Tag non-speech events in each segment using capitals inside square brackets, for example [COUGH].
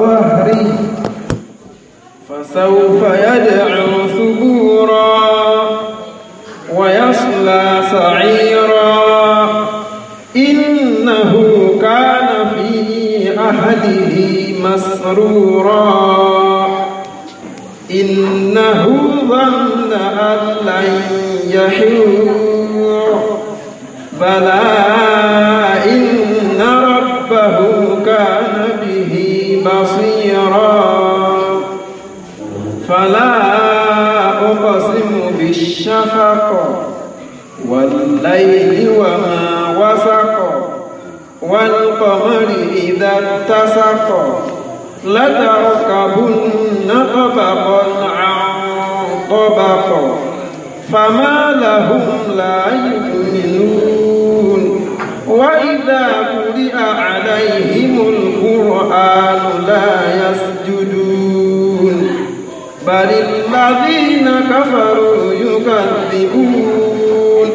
ظهري فسوف يدعو ثبورا ويصلى سعيرا إنه كان في أهله مسرورا إنه ظن أن لن يحور بلى فلا أقسم بالشفق والليل وما وسق والقمر إذا اتسق لتركبن طبقا عن طبق فما لهم لا يؤمنون وإذا قرئ عليهم القرآن لا يسجدون بل الذين كفروا يكذبون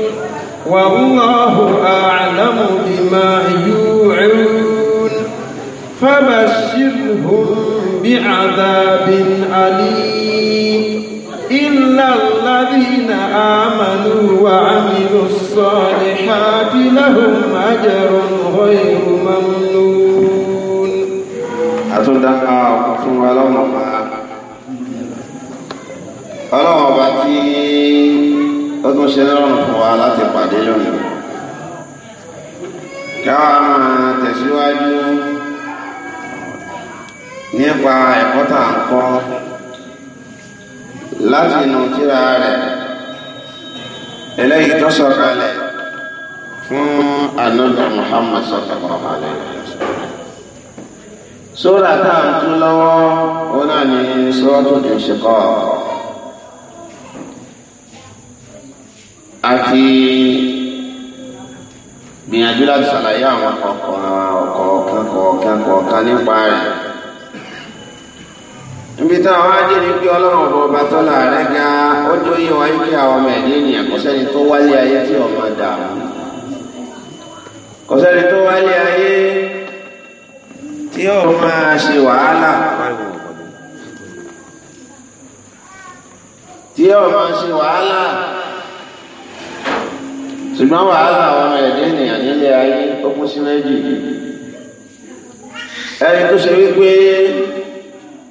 والله أعلم بما يوعون فبشرهم بعذاب أليم إلا الذين آمنوا وعملوا الصالحات لهم أجر غير ممنون أتدعى فما ọlọ́run ọba tí ó tún ṣe lọ́rùn fún wa láti pàdé lónìí káwa máa tẹ̀síwájú nípa ẹ̀kọ́ tá à ń kọ́ láti inú tírà rẹ̀ eléyìí tó sọ̀kalẹ̀ fún anọ́dọ̀ Muhammad sallallahu alaihi wasallam sóra tá à ń tún lọ́wọ́ ó náà ní sọ́ọ́tún ìṣèkọ́ ọ̀kọ́. àti gbìyànjú láti ṣàlàyé àwọn kọ̀ọ̀kan kọ̀ọ̀kan kọ̀ọ̀kan nípa rẹ̀ níbi táwọn ajé ní pé ọlọ́run ọ̀bọ̀ ọba tó láàárẹ̀ ga ó jó yé wáyé kí àwọn ọmọ ẹ̀dẹ́ ènìyàn kò sẹ́ni tó wálé ayé tí ọmọ dààmú kò sẹ́ni tó wálé ayé tí ọmọ ṣe wàhálà tí ọmọ ṣe wàhálà ṣùgbọ́n wàhálà àwọn ọmọ ẹ̀dẹ́ ènìyàn nílé ayé ó kún sí méjì ẹni tó ṣe wípé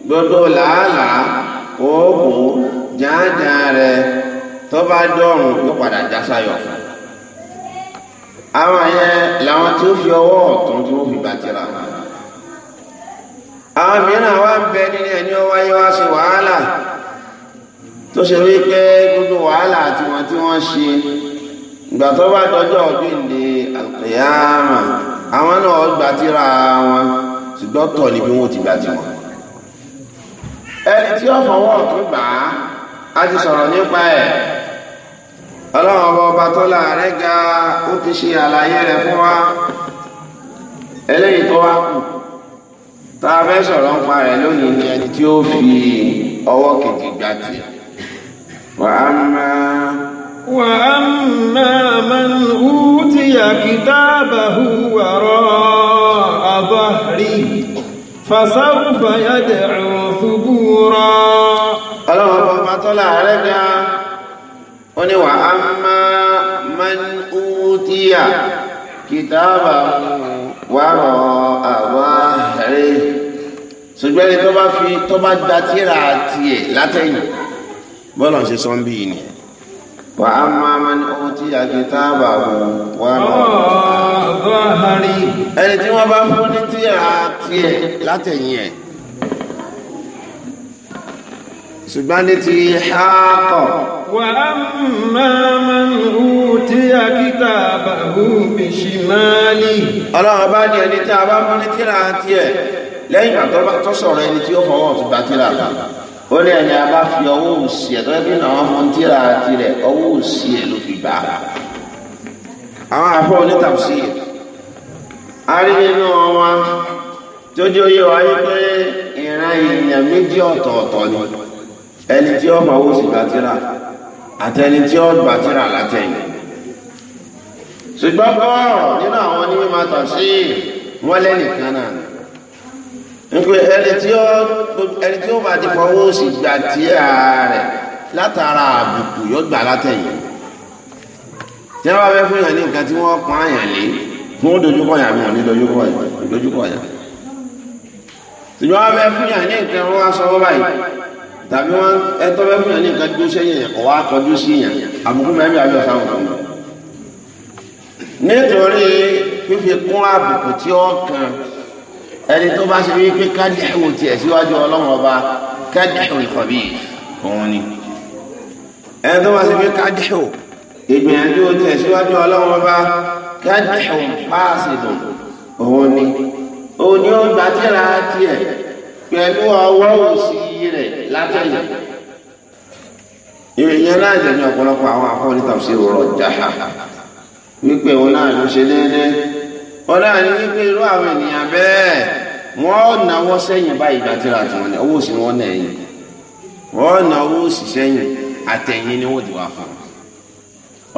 gbogbo làálàá oògùn jáàjáà rẹ tó bá dọ̀rùn yóò padà já sáyọ̀ fún àwọn yẹn làwọn tí ó fi ọwọ́ ọ̀tún tí wọ́n fi bàtìrà àwọn mìíràn wá ń bẹ nínú ẹni ọwọ́ ayé wá sí wàhálà tó ṣe wípé gbogbo wàhálà àti wọn tí wọ́n ṣe ìgbà tó bá dọjọ́ ọ̀gbìnde àlùkìyàmà àwọn náà gbà tíra wọn ṣùgbọ́n tọ̀ ni bí wọ́n ti gbà tiwọn. ẹni tí ó fọwọ́ ọ̀tún gbà á a ti sọ̀rọ̀ nípa ẹ̀ ọlọ́run ọba ọba tó láàárẹ̀ ga ó ti ṣe àlàyé rẹ̀ fún wa eléyìí tó wá kù tá a fẹ́ sọ̀rọ̀ nípa rẹ̀ lónìí ni ẹni tí ó fi ọwọ́ kejì gbà tì wàá وَأَمَّا مَنْ أُوتِيَ كِتَابَهُ وَرَاءَ ظَهْرِهِ فسوف يدعو ثُبُورًا الله أكبر طلع عليك وني وأما من أوتي كتابه wàrọ̀ àwọn ààrẹ ṣùgbọ́n ẹni tó bá fi tó bá gba tíra tiẹ̀ látẹ̀yìn bọ́ọ̀lù ṣe وأما من أوتي كتابه وراء ظهري ẹni tí wọ́n bá fún ní tí a tiẹ̀ látẹ̀yìn ẹ̀ ṣùgbọ́n ní ti hákọ̀. وأما من أوتي كتابه بشماله. ọlọ́run bá ní ẹni tí a bá fún ní tí a tiẹ̀ lẹ́yìn àtọ́sọ̀rọ̀ ẹni tí ó fọwọ́ ọ̀tún gbà tí a bá ó ní ẹni a bá fi ọwọ́ òsì ẹ̀ tó bí náà wọ́n fún tíra tirẹ̀ ọwọ́ òsì ẹ̀ ló fi gbà á. àwọn afọ onítàbùsí a rí nínú wọn tó jẹ́ oyè wa yí pé ìran èèyàn méjì ọ̀tọ̀ọ̀tọ̀ ni ẹni tí ó máa wó sí gbàtíra àtẹni tí ó gbàtíra látẹ̀yìn. ṣùgbọ́n bọ́ọ̀ nínú àwọn onímọ̀ tàbí wọ́n lẹ́nìkan náà nígbè ẹni tí ó ẹni tí ó bá ti fọwọ́ sí gbà tí a rẹ̀ látara àbùkù yóò gbà látẹ̀yìn tí wọ́n bá fẹ́ fún yàn ní nǹkan tí wọ́n pọ́n àyàn lé fún ó dojúkọ yàn mọ̀ ní dojúkọ yàn dojúkọ yàn ṣùgbọ́n wọ́n fẹ́ fún yàn ní nǹkan wọ́n wá sọ wọ́n báyìí tàbí wọ́n ẹtọ́ fẹ́ fún yàn ní nǹkan tó sẹ́yìn yàn ọ̀wá kọjú sí yàn àbùkù mẹ́rin àbí ọ̀sán wọn kàn nítorí fífi kún àbùkù tí ó ẹni tó bá ṣe wípé kádìhù tiẹ̀ síwájú ọlọ́run ọba kádìhù ìkọ̀bí òun ni ẹni tó bá ṣe wípé kádìhù ìgbìyànjú tiẹ̀ síwájú ọlọ́run ọba kádìhù páàsìdù òun ni òun ni ó gbà tíra tiẹ̀ pẹ̀lú ọwọ́ òsì rẹ̀ látẹ̀yìn ìrìnyẹn náà jẹ́ ní ọ̀pọ̀lọpọ̀ àwọn afọ́nì tàbí rọ̀ jáhà wípé òun náà ló ṣe déédéé òun ní wípé irú àwọn ènìyàn bẹ́ẹ̀. wọ́n náwó sẹ́yìn báyìí ìgbà àti wọn ni owó sì wọ́n náà ẹ̀yìn na owó sì sẹ́yìn àtẹ̀yìn ni wọ́n ti wà fún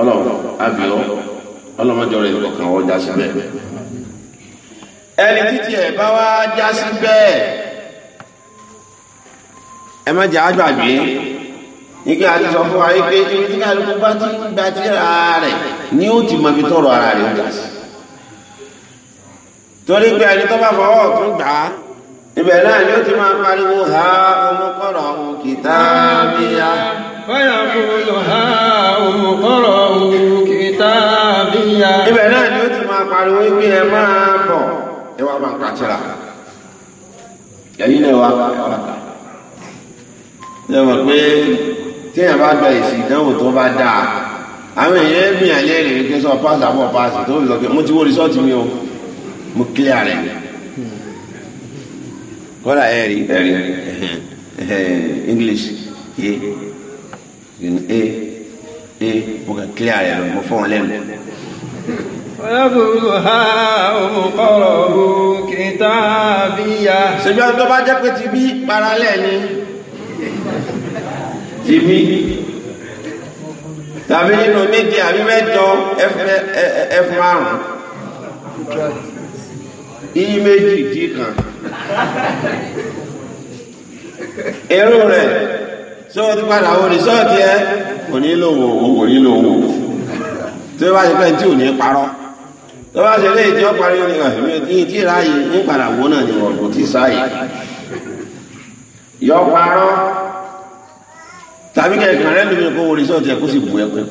ọlọ́run àbíọ́ ọlọ́mọjọ rẹ̀ kọ̀ọ̀kan wọ́n já sí bẹ́ẹ̀ ẹni títí bá wá já sí ẹ má àgbàgbé àti sọ fún wa tí kálukú torí pé ẹni tó bá fọwọ́ ọ̀tún gbà á ibẹ̀ náà ni ó ti máa pariwo ha omukọ̀rọ̀ kìtàbíyà. báyà kò lọ ha omukọ̀rọ̀ kìtàbíyà. ibẹ̀ náà ni ó ti máa pariwo pé ẹ máa bọ̀ ẹ wá máa kàtìrà ẹ̀yìn náà wá ọ̀rọ̀ kà. ṣé mo pé téèyàn bá gba èsì ìdánwò tó bá dáa àwọn èèyàn ẹ̀gbìn àlẹ́ rẹ̀ kí sọ páàsì àbọ̀ páàsì tó fi sọ pé mo ti wo rìsọ́ọ̀tì mi o mo clear rẹ̀ kọ́lá ẹ̀ English ye e e mo kàn clear rẹ̀ lọ mo fọ́ wọn lẹ́nu. Ọlọ́dúnrún ọmọkọ̀ọ̀rọ̀ tó bá jẹ́ pé ti bí paralẹ̀ ni. Ti bí tàbí nínú méje àbí mẹ́jọ F márùn yí méjì dí kan èrò rẹ̀ sọ́ọ̀tì padà wọ́n ní sọ́ọ̀tì ẹ kò ní lò wò ó kò ní lò wò tó bá ṣe pé tí o ní parọ́ tó bá ṣe léyìí tí o parí ó ní àfihàn ah, tí tí ráàyè ní padà wọ́n náà ni wọ́n kò tí sáàyè yọ parọ́ tàbí kẹ̀kẹ́ rẹ̀ lómi kó wọ́n ní sọ́ọ̀tì ẹ kó sì bù ẹ pẹ́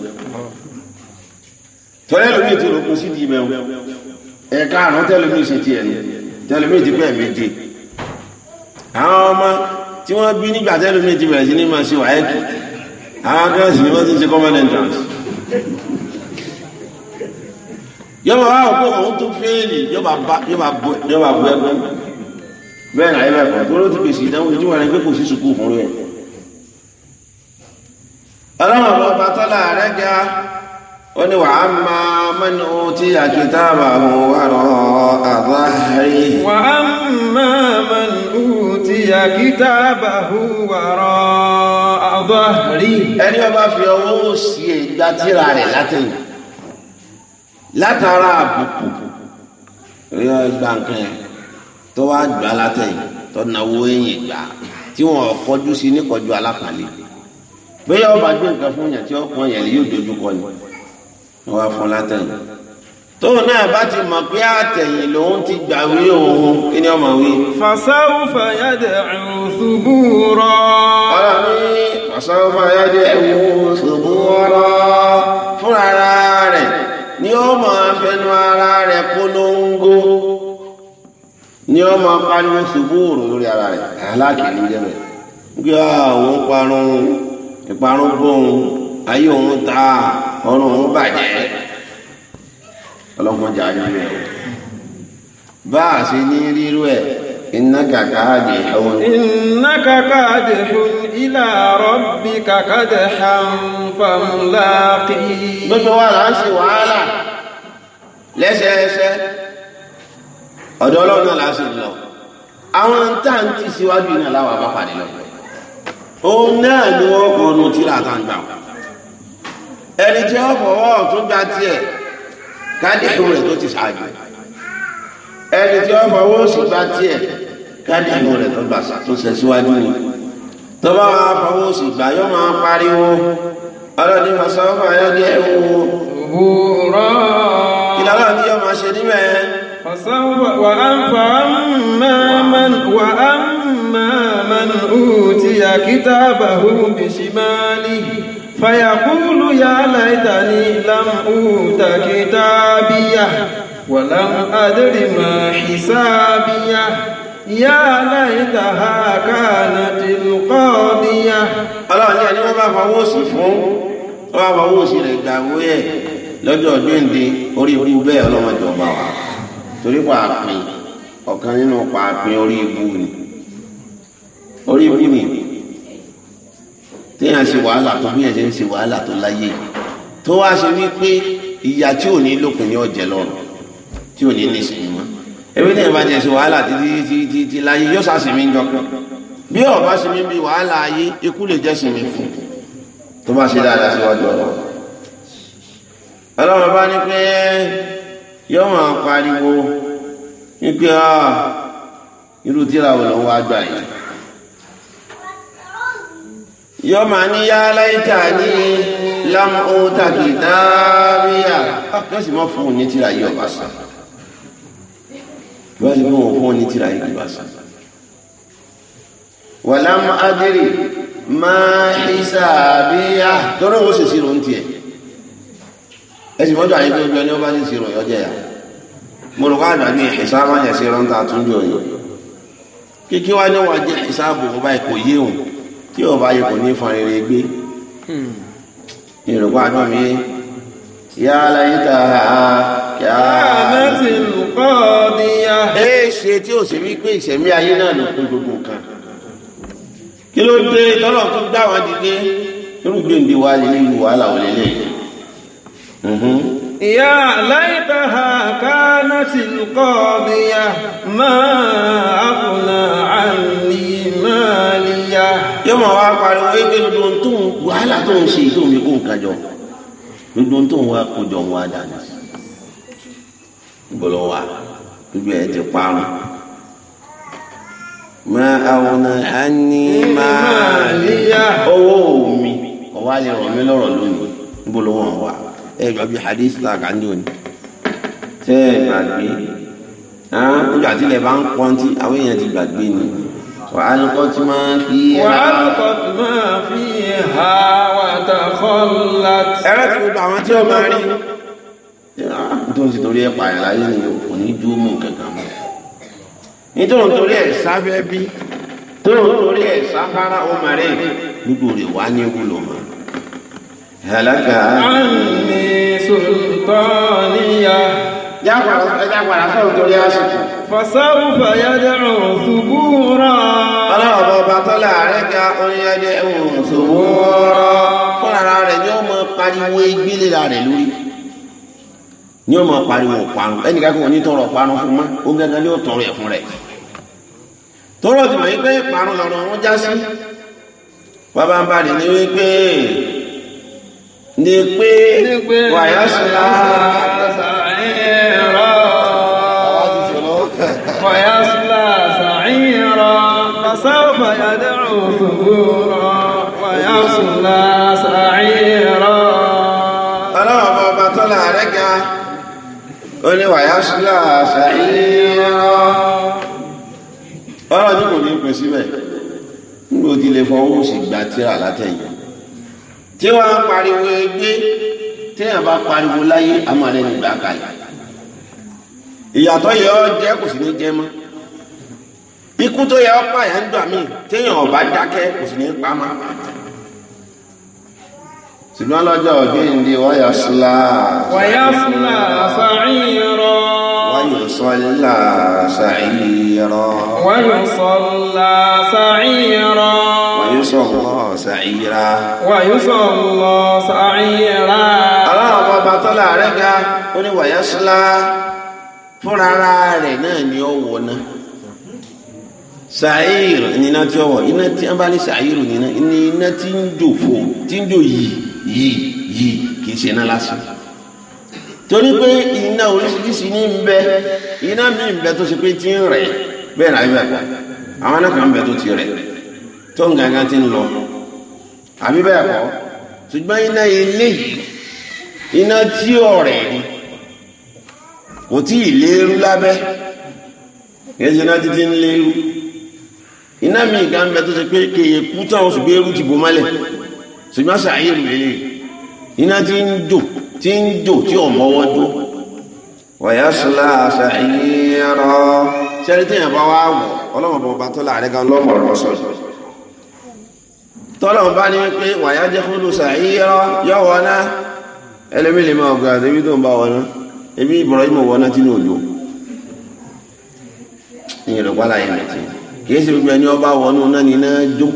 tọ́lẹ́ lómi tó lókun sí di ibẹ̀ wọn ẹ̀ka àrùn tẹ́lẹ̀mí ṣe ti ẹ̀nu tẹ́lẹ̀mí ti pẹ́ méje àwọn ọmọ tí wọ́n bí nígbà tẹ́lẹ̀mí ti bẹ̀rẹ̀ sí ní máa ṣe wáyẹ́kì àwọn akẹ́rẹ́sì ni wọ́n ti ṣe common entrance yọba wa ọkọ òun tó fẹ́ẹ̀lì yọba bọ ẹgbẹ́ bẹ́ẹ̀ náà ẹgbẹ́ kan tó ló ti pèsè ìdánwò ojú wọn ẹgbẹ́ kò sí sùkú fún rẹ̀ ọlọ́run ọba tọ́lá rẹ̀ ga ó ní wàá máa mẹ́nu tí àkìtà bàbá wà rọ àbáhárí. wàá máa mẹ́nu tí àkìtà bàbá wà rọ àbáhárí. ẹni ọba fi ọwọ́ òsì ìgbà tíra rẹ̀ látẹ̀yìn látara àbùkù ríọ ìgbà nǹkan tó wá gbà látẹ̀yìn tó náwó ẹ̀yìn gbà tí wọn kọjú sí ní alápàlẹ̀ bóyá ọba gbé nǹkan fún yẹn tí ọkàn yẹn yóò dojú kọ ni wọ́n wá fún látẹ̀yìn tó náà bá ti mọ̀ pé àtẹ̀yìn lòun ti gbàwé òun kí ni ọmọ wí. fasawfa yad'u thubura. rẹ̀ ni ó máa ara rẹ̀ polongo ni ó pariwo subúrù lórí ara rẹ̀ aláàkì jẹ́ bẹ̀. gbé ah, parun ìparun bóun ayé òun ta ọrùn òun bàjẹ́ ọlọ́gbọ́n jà nínú ẹ̀ bá a ṣe ní rírú ẹ̀ iná kàkà àdè ọ̀hún. iná kàkà àdè ọ̀hún ilà rọ́bì kàkà dè hàǹfàmùláàkì. gbogbo wa là ń ṣe wàhálà lẹ́sẹẹsẹ ọ̀dọ̀ ọlọ́run náà láti lọ àwọn táǹtì síwájú náà láwọn abápàdé lọ òun náà ni wọ́n kọ́ ọ́nù tíra àtàǹgbà ẹni tí ó fọwọ́ tó gba tiẹ̀ kádìkù rẹ̀ tó ti ṣáájú ẹni tí ó fọwọ́ sì gba tiẹ̀ kádìkù rẹ̀ tó gbà tó ṣe síwájú ni tó bá wà fọwọ́ sì gbà yóò máa pariwo ọlọ́ni fasọ́fà yóò dé ewu òwúrọ̀ ìlànà tí yóò máa ṣe níbẹ̀. وأما من أوتي كتابه بشماله فيقول يا ليتني لم أوت كتابيه ولم أدر ما حسابيه يا ليتها كانت القاضية ọlọ́run ní ẹni wọ́n bá fọwọ́ sí fún wọ́n bá fọwọ́ sí rẹ̀ gbàgbó ẹ̀ lọ́jọ́ gbéǹde orí ikú bẹ́ẹ̀ ọlọ́mọdé ọba wa torí pàápín ọ̀kan nínú pàápín orí ikú ni orí ikú ni téèyàn ṣe wàhálà tó bíyàn ṣe ń ṣe wàhálà tó láyé tó wá ṣe wípé ìyà tí ò ní lókun ní ọ̀jẹ̀ lọ́rùn tí ò ní ní sùn mọ́ ebi téèyàn bá jẹ ṣe wàhálà títí láyé yóò sá sinmi jọkan bí ọba sinmi bí wàhálà ayé ikú lè jẹ́ sinmi fún tó bá ṣe dáadáa síwájú ọ̀rọ̀ ọlọ́run bá ní pé yóò máa pariwo wípé ah, irú tíra ò lọ́wọ́ àgbà yìí yóò máa ní yá láìta ní lámúta kìtàbíyà wọ́n sì mọ́ fún ní tíra yìí ọba sàn wọ́n sì mọ́ fún ní tíra yìí ọba sàn wà lámú adìrì máa hìsàbíyà tọ́rọ ó sì sírò ń tiẹ̀ ẹ sì mọ́jọ́ àyíkú ojú ẹni ó bá sì sírò yọjẹ́ yà mo rò wáàdà ní ìṣàmáyẹ̀sí rántà túnjọ yìí kíkí wá ní wàá jẹ́ ìṣàbò ọba ẹ̀kọ́ yéhùn tí ò bá yẹ kò ní fa rere gbé ìrùkọ́ hmm. àdúrà mi yá láyé ta kí á láti lùkọ́ ni a. ẹ ṣe tí ò ṣe wípé ìṣẹ̀mí ayé náà ló pin gbogbo nǹkan kí ló dé tọ́lọ̀ tó dá wọn dìde irúgbìn bí wàá lè ní wàhálà wọlé lẹ́yìn يا ليتها كانت القاضية ما أغنى عني مالي yóò máa wá pariwo wípé gbogbo tó ń wàhálà tó ń ṣe tó ń fi kó nǹkan jọ gbogbo tó ń wá kó jọ ń wá dànù gbọlọ wà gbogbo ẹ ti parun. máa àwọn àní máa níyà owó mi ọwọ́ lè rọ̀ mí lọ́rọ̀ lónìí gbọlọ wọn wà ẹ gbàgbé hadith la kà ń dùn ní. tẹ́ ẹ gbàgbé ọjà tilẹ̀ bá ń pọ́ntì àwọn èèyàn ti gbàgbé nìyí. وألقت ما فيها وألقت ما فيها وتخلت ẹ̀rẹ́ tí gbogbo àwọn tí ó máa rí pààyàn láyé ni kò ní dúró kankan mọ́ nítorí torí ẹ̀ sáfẹ́ bí tóun torí ẹ̀ sáfárá ó máa rí gbogbo wá ní wúlò mọ́ هلك عني سلطانية jágbàrá sọ̀rọ̀ torí àsìkò. fasáwù fàyàdà òṣùbù rà. ọlọ́run bọba tọ́lá rẹ̀ ga oníyàdẹ òṣùbù rà. fúnra rẹ̀ ni ó ni ó mọ pariwo parun ẹnìkan kò ní tọrọ parun fún ma ó gángan ni ó tọrọ ẹ̀ fún rẹ̀ pé parun lọ́rọ̀ ويدعو ثبورا ويصلى سعيرا ọlọ́run ọba tọ́lá rẹ̀ ga ó ní wàyásílà sàíyàn tí kò ní pín síbẹ̀ nígbò tí lè fọwọ́ sí gba tíra látẹ̀yìn tí wọ́n ń pariwo ẹgbẹ́ tí wọ́n bá pariwo láyé ọ kò sí ní ikú tó yẹ ọ́ pààyàn ń gbà mí téèyàn ọ̀bá dákẹ́ kò sì ní í pamọ́ ṣùgbọ́n lọ́jọ́ ọ̀gbìn ní wọ́yà sílá wọ́yà sílá sàáyìnrọ̀ wọ́yà sọ́lá sàáyìnrọ̀ wọ́yà sọ́lá sàáyìnrọ̀ wọ́yà sọ́lá sàáyìnrà wọ́yà sọ́lá sàáyìnrà aláwọ̀ ọba tó láàrẹ́ ga ó ní wọ́yà sílá fúnra rẹ̀ náà ni ó wọ̀ náà sàáyìrì nina tí ọwọ́ iná tí wọ́n bá ní sàáyìrì nínà iná tí ń jò fún tí ń jò yìí yìí yìí kì í ṣe iná lásán torí pé iná oríṣiríṣi ní ń bẹ iná mi ń bẹ tó ṣe pé tí ń bẹ́ẹ̀ náà bá àwọn ń tó ti rẹ̀ tó ń ti ń lọ àbí bẹ́ẹ̀ kọ́ ṣùgbọ́n iná ilé iná mi ìgbà ń bẹ tó ṣe pé kéye kú táwọn sì gbé eru ti bò mọ́lẹ̀ ṣùgbọ́n ṣàyẹ̀rù lélẹ̀ iná ti ń jò ti ń jò tí ò mọ́wọ́ dó wọ̀yá ṣọlá ṣàyẹ̀rọ ṣẹ́rí tí ìyàbá wa wọ̀ ọlọ́mọ̀bọ̀ ọba tó láàrin gan lọ́mọ̀ ọ̀rọ̀ sọ̀rọ̀ tọ́lọ̀ bá ní wípé wàyá jẹ́ fún lùsà ìyẹ́rọ yọ wọná ẹlẹ́mí lè máa ọ̀gá àti ibi tó ń bá kìí ṣe gbogbo ẹni ọba wọnú náà ní náà jó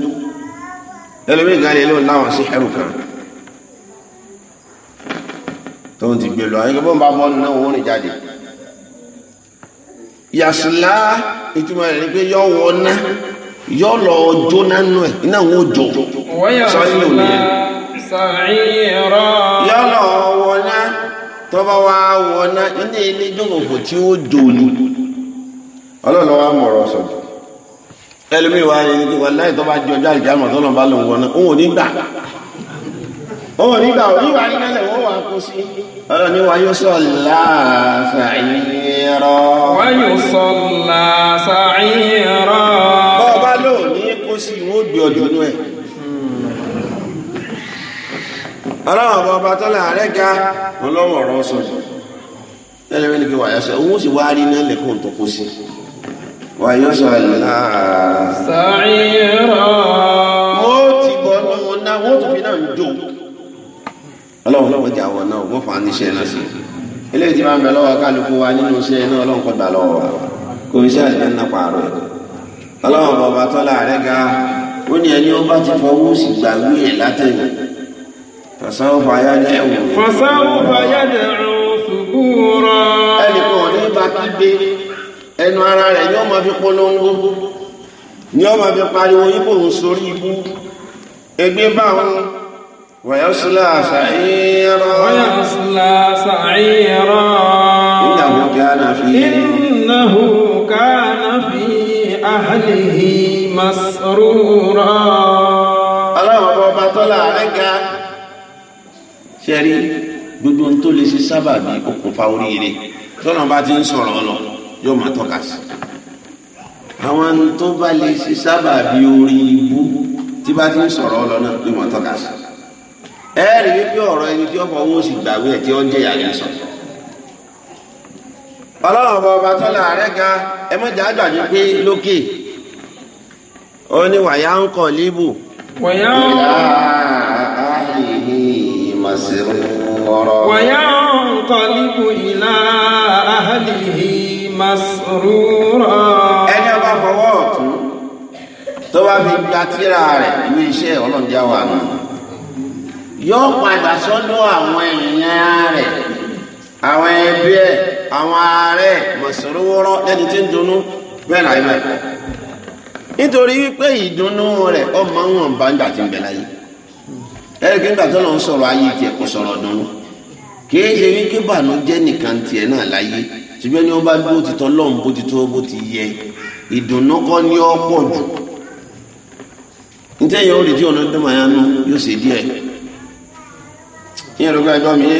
ẹlòmíì gan lélẹ́wọ̀n láwọn sí ẹrù kan tó ti gbé lọ ayé bó ń náà wọ́n rìn jáde yàsùlá ìtumọ̀ rẹ̀ ni pé yọ wọ yọ lọ jó nánú ẹ̀ iná wọn ò jó sọ́yìn ò yọ lọ wọ ná wa wọ ilé ilé jókòó tí ó jó ni ọlọ́run mọ̀rọ̀ sọ̀tún ẹlòmíì wá rí ní wà láì tó bá jẹ ọjọ́ àlùkí àmọ̀ tó lọ bá lòun wọn náà òun ò ní gbà òun ò ní gbà òun ìwà nílẹ̀ lẹ̀ wọ́n wà kó sí. ọlọ́run ní wa yóò sọ láàfà ìrọ̀. wọ́n yóò sọ láàfà ìrọ̀. bọ́ ọba lóò ní kó sí wọ́n gbé ọdún inú ẹ̀. ọlọ́run ọba ọba tọ́lá àárẹ̀ ga ọlọ́run ọ̀rọ̀ sọ̀rọ̀ ẹlẹ́rìí ni kí wàá yá sọ ويصلى سعيرا موتي بنونا وطفنا نجوك ọlọ́run lọ́wọ́ jà wọ̀ náà wọ́n fà á níṣẹ́ náà sí eléyìí tí máa ń bẹ lọ́wọ́ kálukú wa nínú iṣẹ́ náà ọlọ́run kọ́ gbà lọ́wọ́ wa kò iṣẹ́ àlùjẹ́ náà pààrọ̀ ẹ̀ ọlọ́run bọ̀bá tọ́lá rẹ̀ ga ó ní ẹni ó bá ti fọwọ́ sí gbàgbé ẹ̀ látẹ̀yìn fọ̀sáwọ́fà yájẹ́ ẹ̀wọ̀n. fọ̀sáwọ́fà yájẹ́ ẹ̀wọ̀n ṣùgbọ́n rọ. ẹnì kan ò ní bá kí gbé ẹnu ara rẹ̀ ni ó máa fi polongo ni ó máa fi pariwo yípo òun sórí ibú ẹgbẹ́ bá wọn wàyásùlá sàáyẹ̀rọ wàyásùlá sàáyẹ̀rọ ìyàwó kánà fi innahu kánà fi ahlihi masrura aláwọ̀ ọba tọ́lá rẹ̀ ga ṣẹ́rí gbogbo tó lè ṣe sábàbí okùnfà oríire tọ́nà bá ti ń sọ̀rọ̀ ọlọ́run yóò máa tọ́ka sí àwọn tó bá lè ṣe sábà bí orí ibú tí bá ti ń sọ̀rọ̀ ọlọ́nà yóò máa tọ́ka sí ẹ rí wípé ọ̀rọ̀ ẹni tí ó owó sì gbàgbé ẹ̀ tí ó ń jẹ́ ìyàgbẹ́ sọ ọba ọba ga ẹ pé lókè ó ní wàyà ń kọ̀ wàyà ń kọ̀ ìlà masrura. ẹni ọba fọwọ́ ọ̀tún tó bá fi gba tírà rẹ̀ ní iṣẹ́ ọlọ́jà wà náà. yóò padà sọ́dọ̀ àwọn èèyàn rẹ̀ àwọn ẹbí ẹ̀ àwọn ààrẹ mọ̀sùrúwọ́rọ́ lẹ́ni tí ń dunnú bẹ́ẹ̀ náà ibẹ̀ nítorí wípé ìdùnnú rẹ̀ bá ń gbà tí ń láyé kí gbà tó sọ̀rọ̀ ṣùgbọ́n ní wọ́n bá dúró ti tọ́ lọ́hùn bó ti tó bó ti yẹ ìdùnnú kọ́ ní ọ́ pọ̀ jù nítẹ̀yìn ó rí tí ọ̀nà dọ́mà yá nu yóò ṣe díẹ̀ ìyẹn lóko ẹ̀dọ́ mi yé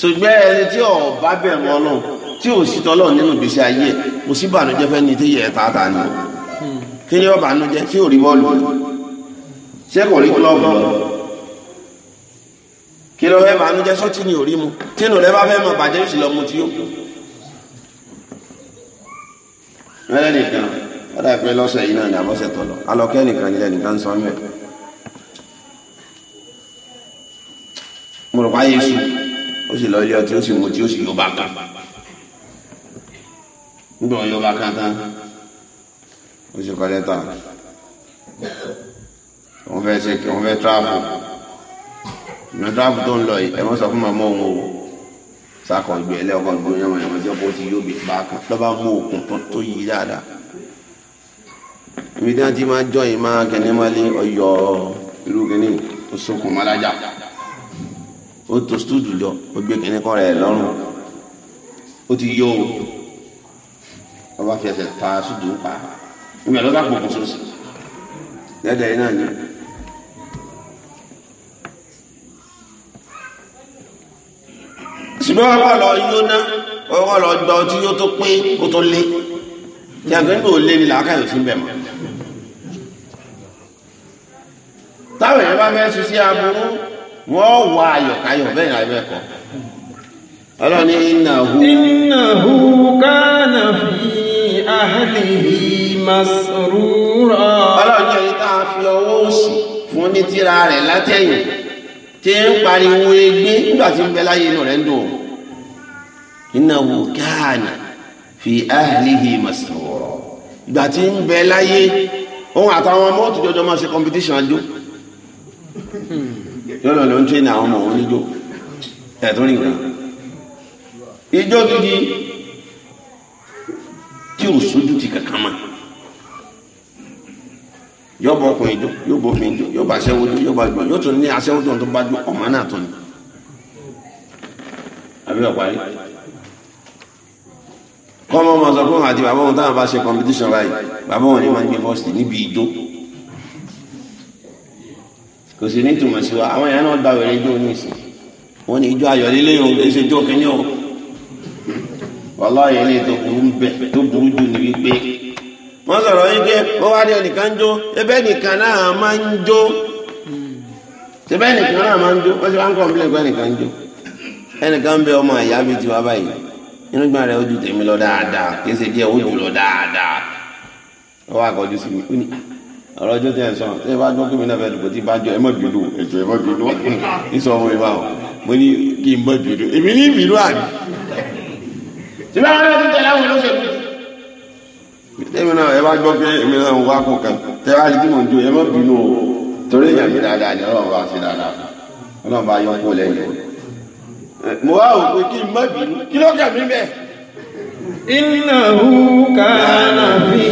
ṣùgbọ́n ẹni tí ọ̀ bá bẹ̀rù ọlọ́run tí ò sí tọ́lọ́ nínú ìgbésí ayé mo sì bànújẹ́ fẹ́ ni tí yẹ tààtà ni kí ni ó bànújẹ́ tí ò rí bọ́ọ̀lù ṣé kò rí kílọ̀bù lọ kí ló fẹ́ bànújẹ́ sọ́tì ni ò rí mu tí inú rẹ bá fẹ́ mọ bàjẹ́ sì lọ mu tí ó ẹlẹ́ nìkan ọ̀dà ìpẹ́ lọ́sẹ̀ yìí náà ní àbọ̀sẹ̀ tọ̀ lọ alọ́kẹ́ nìkan nílẹ̀ nìkan ń sọ mẹ́ mo rò pa yéṣu ó sì lọ ilé ọtí ó sì mú tí ó sì yóò bá kan nígbà wọn yóò bá kan tán ó sì kọ́ lẹ́tà òun fẹ́ ṣe òun fẹ́ tíráàfù ìmọ̀ tíráàfù tó ń lọ yìí ẹ mọ́ sọ fún màmá òun o sákọ̀ ìgbẹ́ ẹlẹ́ ọkọ̀ ìgbẹ́ ọmọ ìyàwó tí ọkọ̀ ti yóò bí pa kan lọ́ba mú òkun tó tó yí dáadáa ibi tí wọ́n ti máa jọ yìí máa kẹ́ni máa lé ọyọ irú kẹ́ni tó sókun málájà ó tó stúdù jọ ó gbé kẹ́ni kọ́ rẹ̀ lọ́rùn ó ti yó o ọba fi ẹsẹ̀ ta sùdù pa ìgbà lọ́ba pọ̀ kò sósì lẹ́dẹ̀ẹ́ náà ṣùgbọ́n wọn kọ́ lọ yóò ná wọn kọ́ lọ gba ọtí yóò tó pín ó tó lé tí a gbẹ́ńdò lé ni làákàyè òfin mọ́. táwọn èèyàn bá fẹ́ ṣiṣẹ́ aburú wọ́n wà ayọ̀káyọ̀ bẹ́ẹ̀ náà bẹ́ẹ̀ kọ́ ọlọ́ni innahu innahu kana fi ahlihi masrura ọlọ́ni ọ̀yìn tá a fi ọwọ́ òsì fún ní tíra rẹ̀ látẹ̀yìn tí ń pariwo egbé nígbà tí ń bẹ láyé inú rẹ̀ ń dùn innahu kana fi ahlihi masrura ìgbà tí ń bẹ láyé òun àtàwọn ọmọ òtún jọjọ máa ṣe competition àjò yọlọ ló ń tẹ ní àwọn ọmọ òun níjó ẹtún nìkan ijó gidi tí ò sójú ti kankan máa yóò bọ ọkùnrin jó yóò bọ obìnrin jó yóò bá aṣẹ́wó jó yóò bá gbọ́n yóò tún ní aṣẹ́wó tó ń tó bá jó ọmọ náà tó ni. àbí ọ̀pá yìí kọ́mọ ọmọ sọ fún àti bàbá òun táwọn bá ṣe competition báyìí bàbá òun ni wọ́n ń gbé fọ́ọ̀sì níbi ìjó kò sí ní ìtumọ̀ sí wa àwọn èèyàn náà dáwọ̀ ẹ̀rẹ́ ijó ní ìsìn wọ́n ní ijó ayọ̀ lílé òun kì í ṣe ijó kìíní wọ́n sọ̀rọ̀ yín pé ó wá dé ẹnìkan jó ẹbẹ́ nìkan náà máa ń jó ṣẹbẹ́ nìkan náà máa ń jó wọ́n ti wá ń kọ́ńpilẹ̀ pé ẹnìkan jó ẹnìkan bẹ ọmọ ìyá mi ti wá báyìí inú gbọ́n rẹ̀ ojú tèmi lọ dáadáa kì í ṣe díẹ̀ ojú lọ dáadáa ọwọ́ àkọ́jú sí mi ó ní ah, ọ̀rọ̀ ọjọ́ tẹ̀ sọ ṣé bá gbọ́ kí mi náà fẹ́ dùkọ̀ tí bá jọ ẹ mọ̀ bínú ẹ̀jọ̀ ẹ mọ̀ bínú ìsọ ọmọ ìbá o mo ní kí n mọ̀ bínú èmi ní ìbínú àná. ṣùgbọ́n àwọn ọmọ tó tẹ̀lé àwọn olóṣèlú èmi náà ẹ bá gbọ́ pé èmi náà ń wá kó kan tẹ wá rí tí mò ń ẹ má bínú o torí èèyàn mi dáadáa ni ọlọ́run bá ṣe dáadáa ọlọ́run bá yọ kó lẹ́yìn o. mo wá wò pé kí n má bínú kí ló kà mí bẹ́ẹ̀. innahu kana fi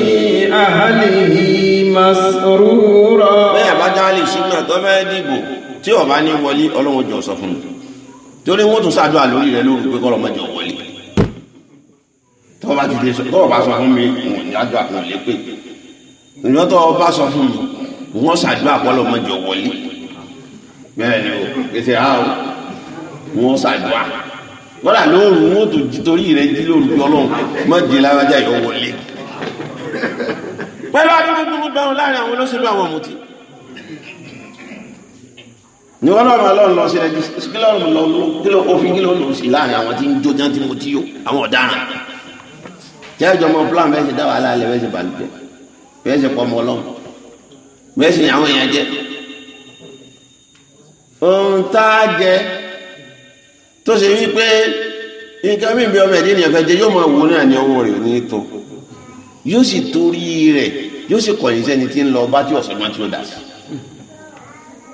ahlihi masrura. bẹ́ẹ̀ bá dá lè ṣínà tó fẹ́ dìbò tí ọba ní wọlé ọlọ́run jọ sọ fún mi torí wọ́n tún ṣàdúrà lórí rẹ lórí pé kọ́ tọ́wọ́ bá ti dé tọ́wọ́ bá sọ fún mi wọn ní àdúrà kan lè pè ìyọ́n tọ́wọ́ bá sọ fún mi wọ́n ṣàdúrà kọ́ lọ́mọdé wọlé bẹ́ẹ̀ ni o pèsè àwọn wọ́n ṣàdúrà wọ́n là lóòrùn wọn tó jí torí rẹ̀ jí lóòrùn tó lọ́wọ́ má jẹ́ lárájá yọ wọlé pẹ̀lú adúgbò bẹ́ẹ̀ láàrin àwọn olóṣèlú àwọn ọmọ tí ni wọ́n náà máa lọ́rùn lọ sí rẹ̀ kí lọ́rùn lọ kí lọ́ òfin kí lọ́rùn lọ sí láàrin àwọn tí ń jó jẹ́ tí mo tí yó àwọn ọ̀daràn tí ẹjọ mọ plan bẹ́ẹ̀ ṣe dá wàhálà alẹ́ bẹ́ẹ̀ ṣe bàlùjẹ bẹ́ẹ̀ ṣe pọmọ lọ bẹ́ẹ̀ ṣe àwọn èèyàn jẹ ohun tá a jẹ tó ṣe wípé nǹkan mí bí ọmọ ẹ̀dínìyàn fẹ́ jẹ yóò máa wò náà ní ọwọ́ rẹ̀ ní tó yóò sì torí rẹ̀ yóò sì kọ̀yìn sẹ́ni tí ń lọ bá tí ọ̀sán máa tí dà sí.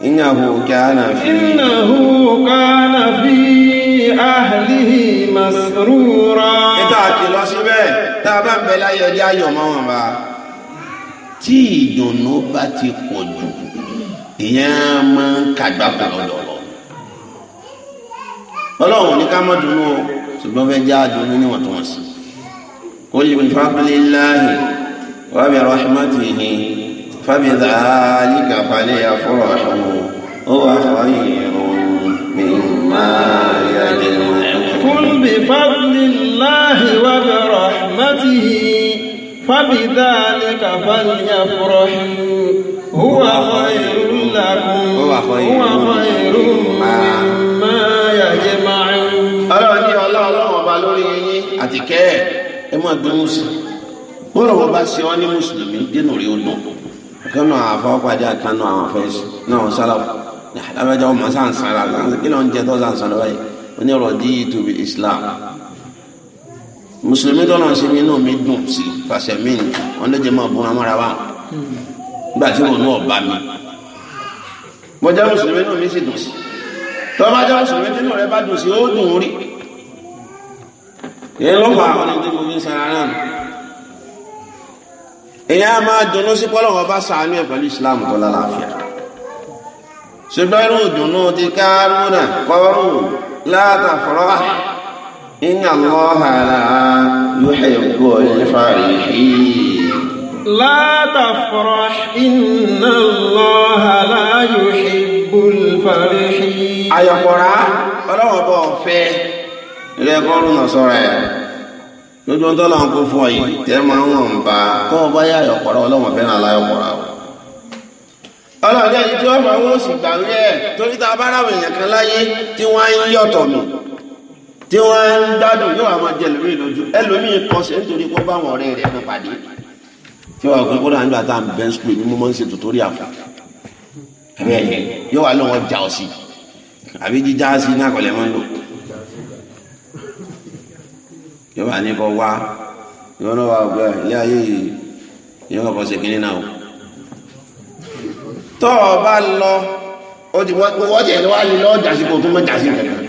إنه كان في إنه كان في أهله مسرورا bá ń bẹ láyé ọjọ́ ayọ̀ mọ́ wọn bá tí ìdùnnú bá ti pọ̀ jù ìyẹn máa ń kàgbà pọ̀ lọ́dọ̀ ọlọ́run ní ká má dùnnú o ṣùgbọ́n fẹ́ já dùnnú níwọ̀ntúnwọ̀nsì قل بفضل الله وبرحمته فبذلك فليفرحوا هو خير مما يجمعون قل بفضل الله وبرحمته نعمته فبذلك فليفرحوا هو خير لكم هو خير, مما يجمعون ọlọ́run ní ọlọ́run ọba lórí yín àti kẹ́ ẹ̀ ẹ máa gbé mùsùlùmí bọ́lá wọn bá ṣe ọ́ ní mùsùlùmí dénú rí odò kánú àwọn afọwọ́pàdé àkánú àwọn afẹ́sì náà sálàfù lábẹ́jọ́ ọmọ sáǹsán rà kí ló ń jẹ́ tó sáǹsán lọ́wọ́ yìí onírọ̀ díì tóbi Islam mùsùlùmí tọ́nà se mi no mi dùn si, pàṣẹ mí ni wọn lè jẹ máa bọ́ra mọ́ra wa nígbà tí wọn náà bá mi mo jẹ́ mùsùlùmí inú mi sì dùn si tọ́ bá jẹ́ mùsùlùmí tí inú rẹ bá dùn sí ó dùn ún rí èyí ló fà àwọn ẹni tí mo fi ń sara náà èyí á máa dùnnú sí pọ́lọ́wọ́ bá sàánú ẹ̀ pẹ̀lú ìsìláàmù tó lálàáfíà ṣùgbọ́n irú ìdùnnú ti káárùn-ún náà kọ́rùn-ún إن الله لا يحب الفرحين لا تفرح إن الله لا يحب الفرحين أيقرا ọlọ́run ọba ọ̀fẹ́ ilé ẹ̀kọ́ ọ̀run lójú ọjọ́ náà kó fún tẹ́ máa ń wọ̀n bá kọ́ yá ọlọ́run fẹ́ràn ọlọ́run ẹni tí wọ́n gbàgbé ẹ̀ torí tá a bá ráwọ̀ èèyàn kan láyé tí wọ́n á mi tí wọ́n ń gbádùn yóò máa jẹ ẹlòmíì lójú ẹlòmíì kọsẹ̀ nítorí kó bá àwọn ọ̀rẹ́ rẹ̀ ẹnu pàdé tí wọ́n kún kúrò àńgbà tá à ń bẹ́ ń sùkúl ní mo máa ń ṣe tòtórí àfọ bẹ́ẹ̀ ni yóò wá lọ́wọ́ já ọ sí àbí jíjá sí ní àkọlẹ̀ máa ń lò yóò wá ní kọ wá yóò náà wá gbẹ ilé ayé yìí yóò kọ́kọ́ kínní náà o tọ́ ọ bá lọ ó ti wọ́n ti ẹ̀ lọ́wọ́ àlè lọ́ọ́ jàsí kò tún mọ́ jàsí kankan.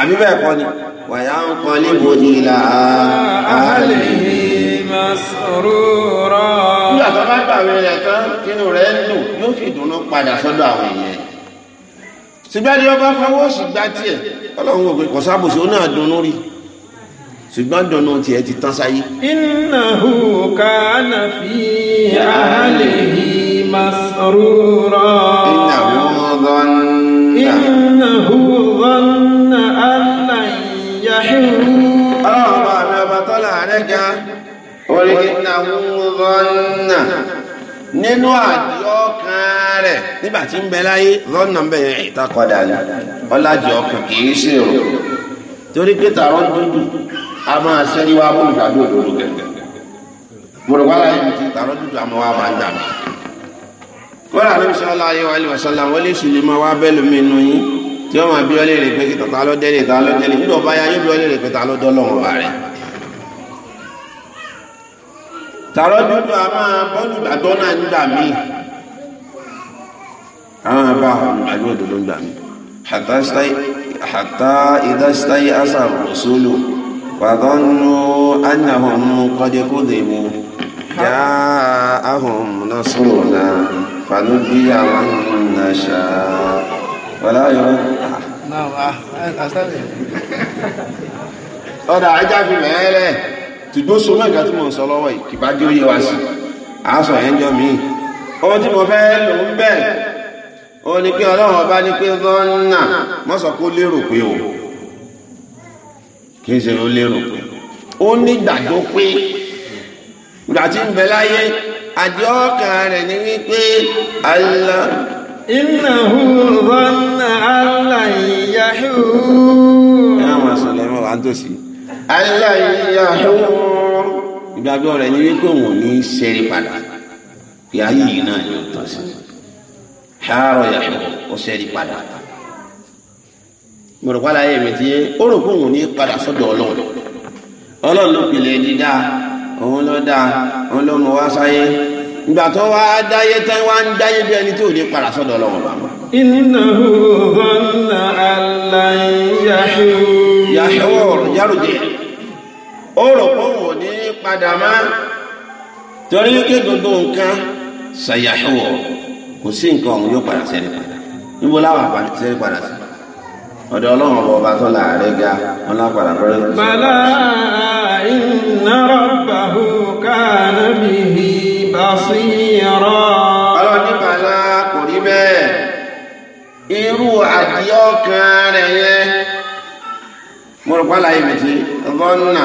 àbí bẹ́ẹ̀ kọ́ ni wàyà ń kọ́ níbo ni ilà àhálẹ̀ masrura. nígbà tó bá gbàwé rẹ̀ tán kínú rẹ̀ ń dùn yóò fi ìdùnnú padà sọ́dọ̀ àwọn èèyàn ṣùgbọ́n ẹni ọba fọwọ́ sí gbá tiẹ̀ ọlọ́run òpin kò sábòsí ó náà dunnú ti tán sáyé. innahu kana fi ahlihi masrura. innahu dhanna. àrẹ́gá orígínàwó rọ́nà nínú àjọ kan rẹ̀ nígbà tí ń bẹ láyé rọ́nà ń bẹ ìtakọ̀dà ni ọlájọ ọkàn kì í ṣe rò torí pé tààrọ́ dúdú a máa ṣẹ́rí wá mú ìgbàdo òdòdó gẹ̀gẹ̀ mo rò wá láyé mi ti tààrọ́ dúdú àmọ́ wá máa ń dà mí kọ́lá ní sọ́lá ayé wa aliwa sọ́lá wọ́n lè ṣùlẹ̀ máa wá bẹ́ẹ̀ lómi inú yín tí wọ́n máa bí ọlẹ́rẹ̀ pé tàlọ́dẹ́lẹ̀ tàlọ́dẹ́lẹ̀ nígbà ọba yá yóò bí ọlẹ́rẹ̀ pé tàlọ́dọ́lọ́wọ́n rẹ̀ tààrọ́ dúdú a máa bọ́ọ̀lù gbàgbọ́ náà ń gbà mí àwọn àbá olùgbàgbọ́ òdodo ń gbà mí hatta idastai asar rusulu fadhannu annahum qad kudhibu ja'ahum nasruna fanuddiya man nasha wala yurad ah, eh, ah, ọ̀dà ajá fi mẹ́ẹ̀lẹ́ tìgbó so mẹ́ga tí mò ń sọ lọ́wọ́ yìí kìbá dé oyè wá sí àásọ yẹn jọ ohun tí mo fẹ́ lò ń bẹ̀ ó ní pé ọlọ́run ọba ní pé gọ́nà sọ pé ó lérò pé o kì í ṣe lérò pé àjọ ọkàn rẹ̀ ní wípé ẹ aláìyáhùn ìgbàgbọ́ rẹ̀ ní wípé òun ní ṣẹ́rí padà kí ayé yìí náà ni ó tán sí ṣáàrọ̀ yàtọ̀ ó ṣẹ́rí padà mo ayé mi yé ó rò pé òun ní padà sọ́dọ̀ ọlọ́run ọlọ́run ló pilẹ̀ dídá òun ló dá òun ló mú wá sáyé ìgbà tó wá dáyé tán wá ń dáyé bí ẹni tí ò ní padà sọ́dọ̀ ọlọ́run bàbá. innahu dhanna an lan yahur yahur yarji ó rò pé òun ò ní padà má torí wípé gbogbo nǹkan ṣàyàwó kò sí nǹkan òun yóò padà sẹ́ni padà níbo láwọn àbá sẹ́ni padà sí ọ̀dọ̀ ọlọ́run ọba ọba tó láàárẹ̀ ga wọn lá padà bọ́lẹ̀. iná rọ̀bà hù bìhì bá sí ọ̀rọ̀. ọlọ́ni bàlá kò rí bẹ́ẹ̀ irú àdìọ́kan rẹ̀ yẹn mo rò pálá ibi tí ọgọ́nà.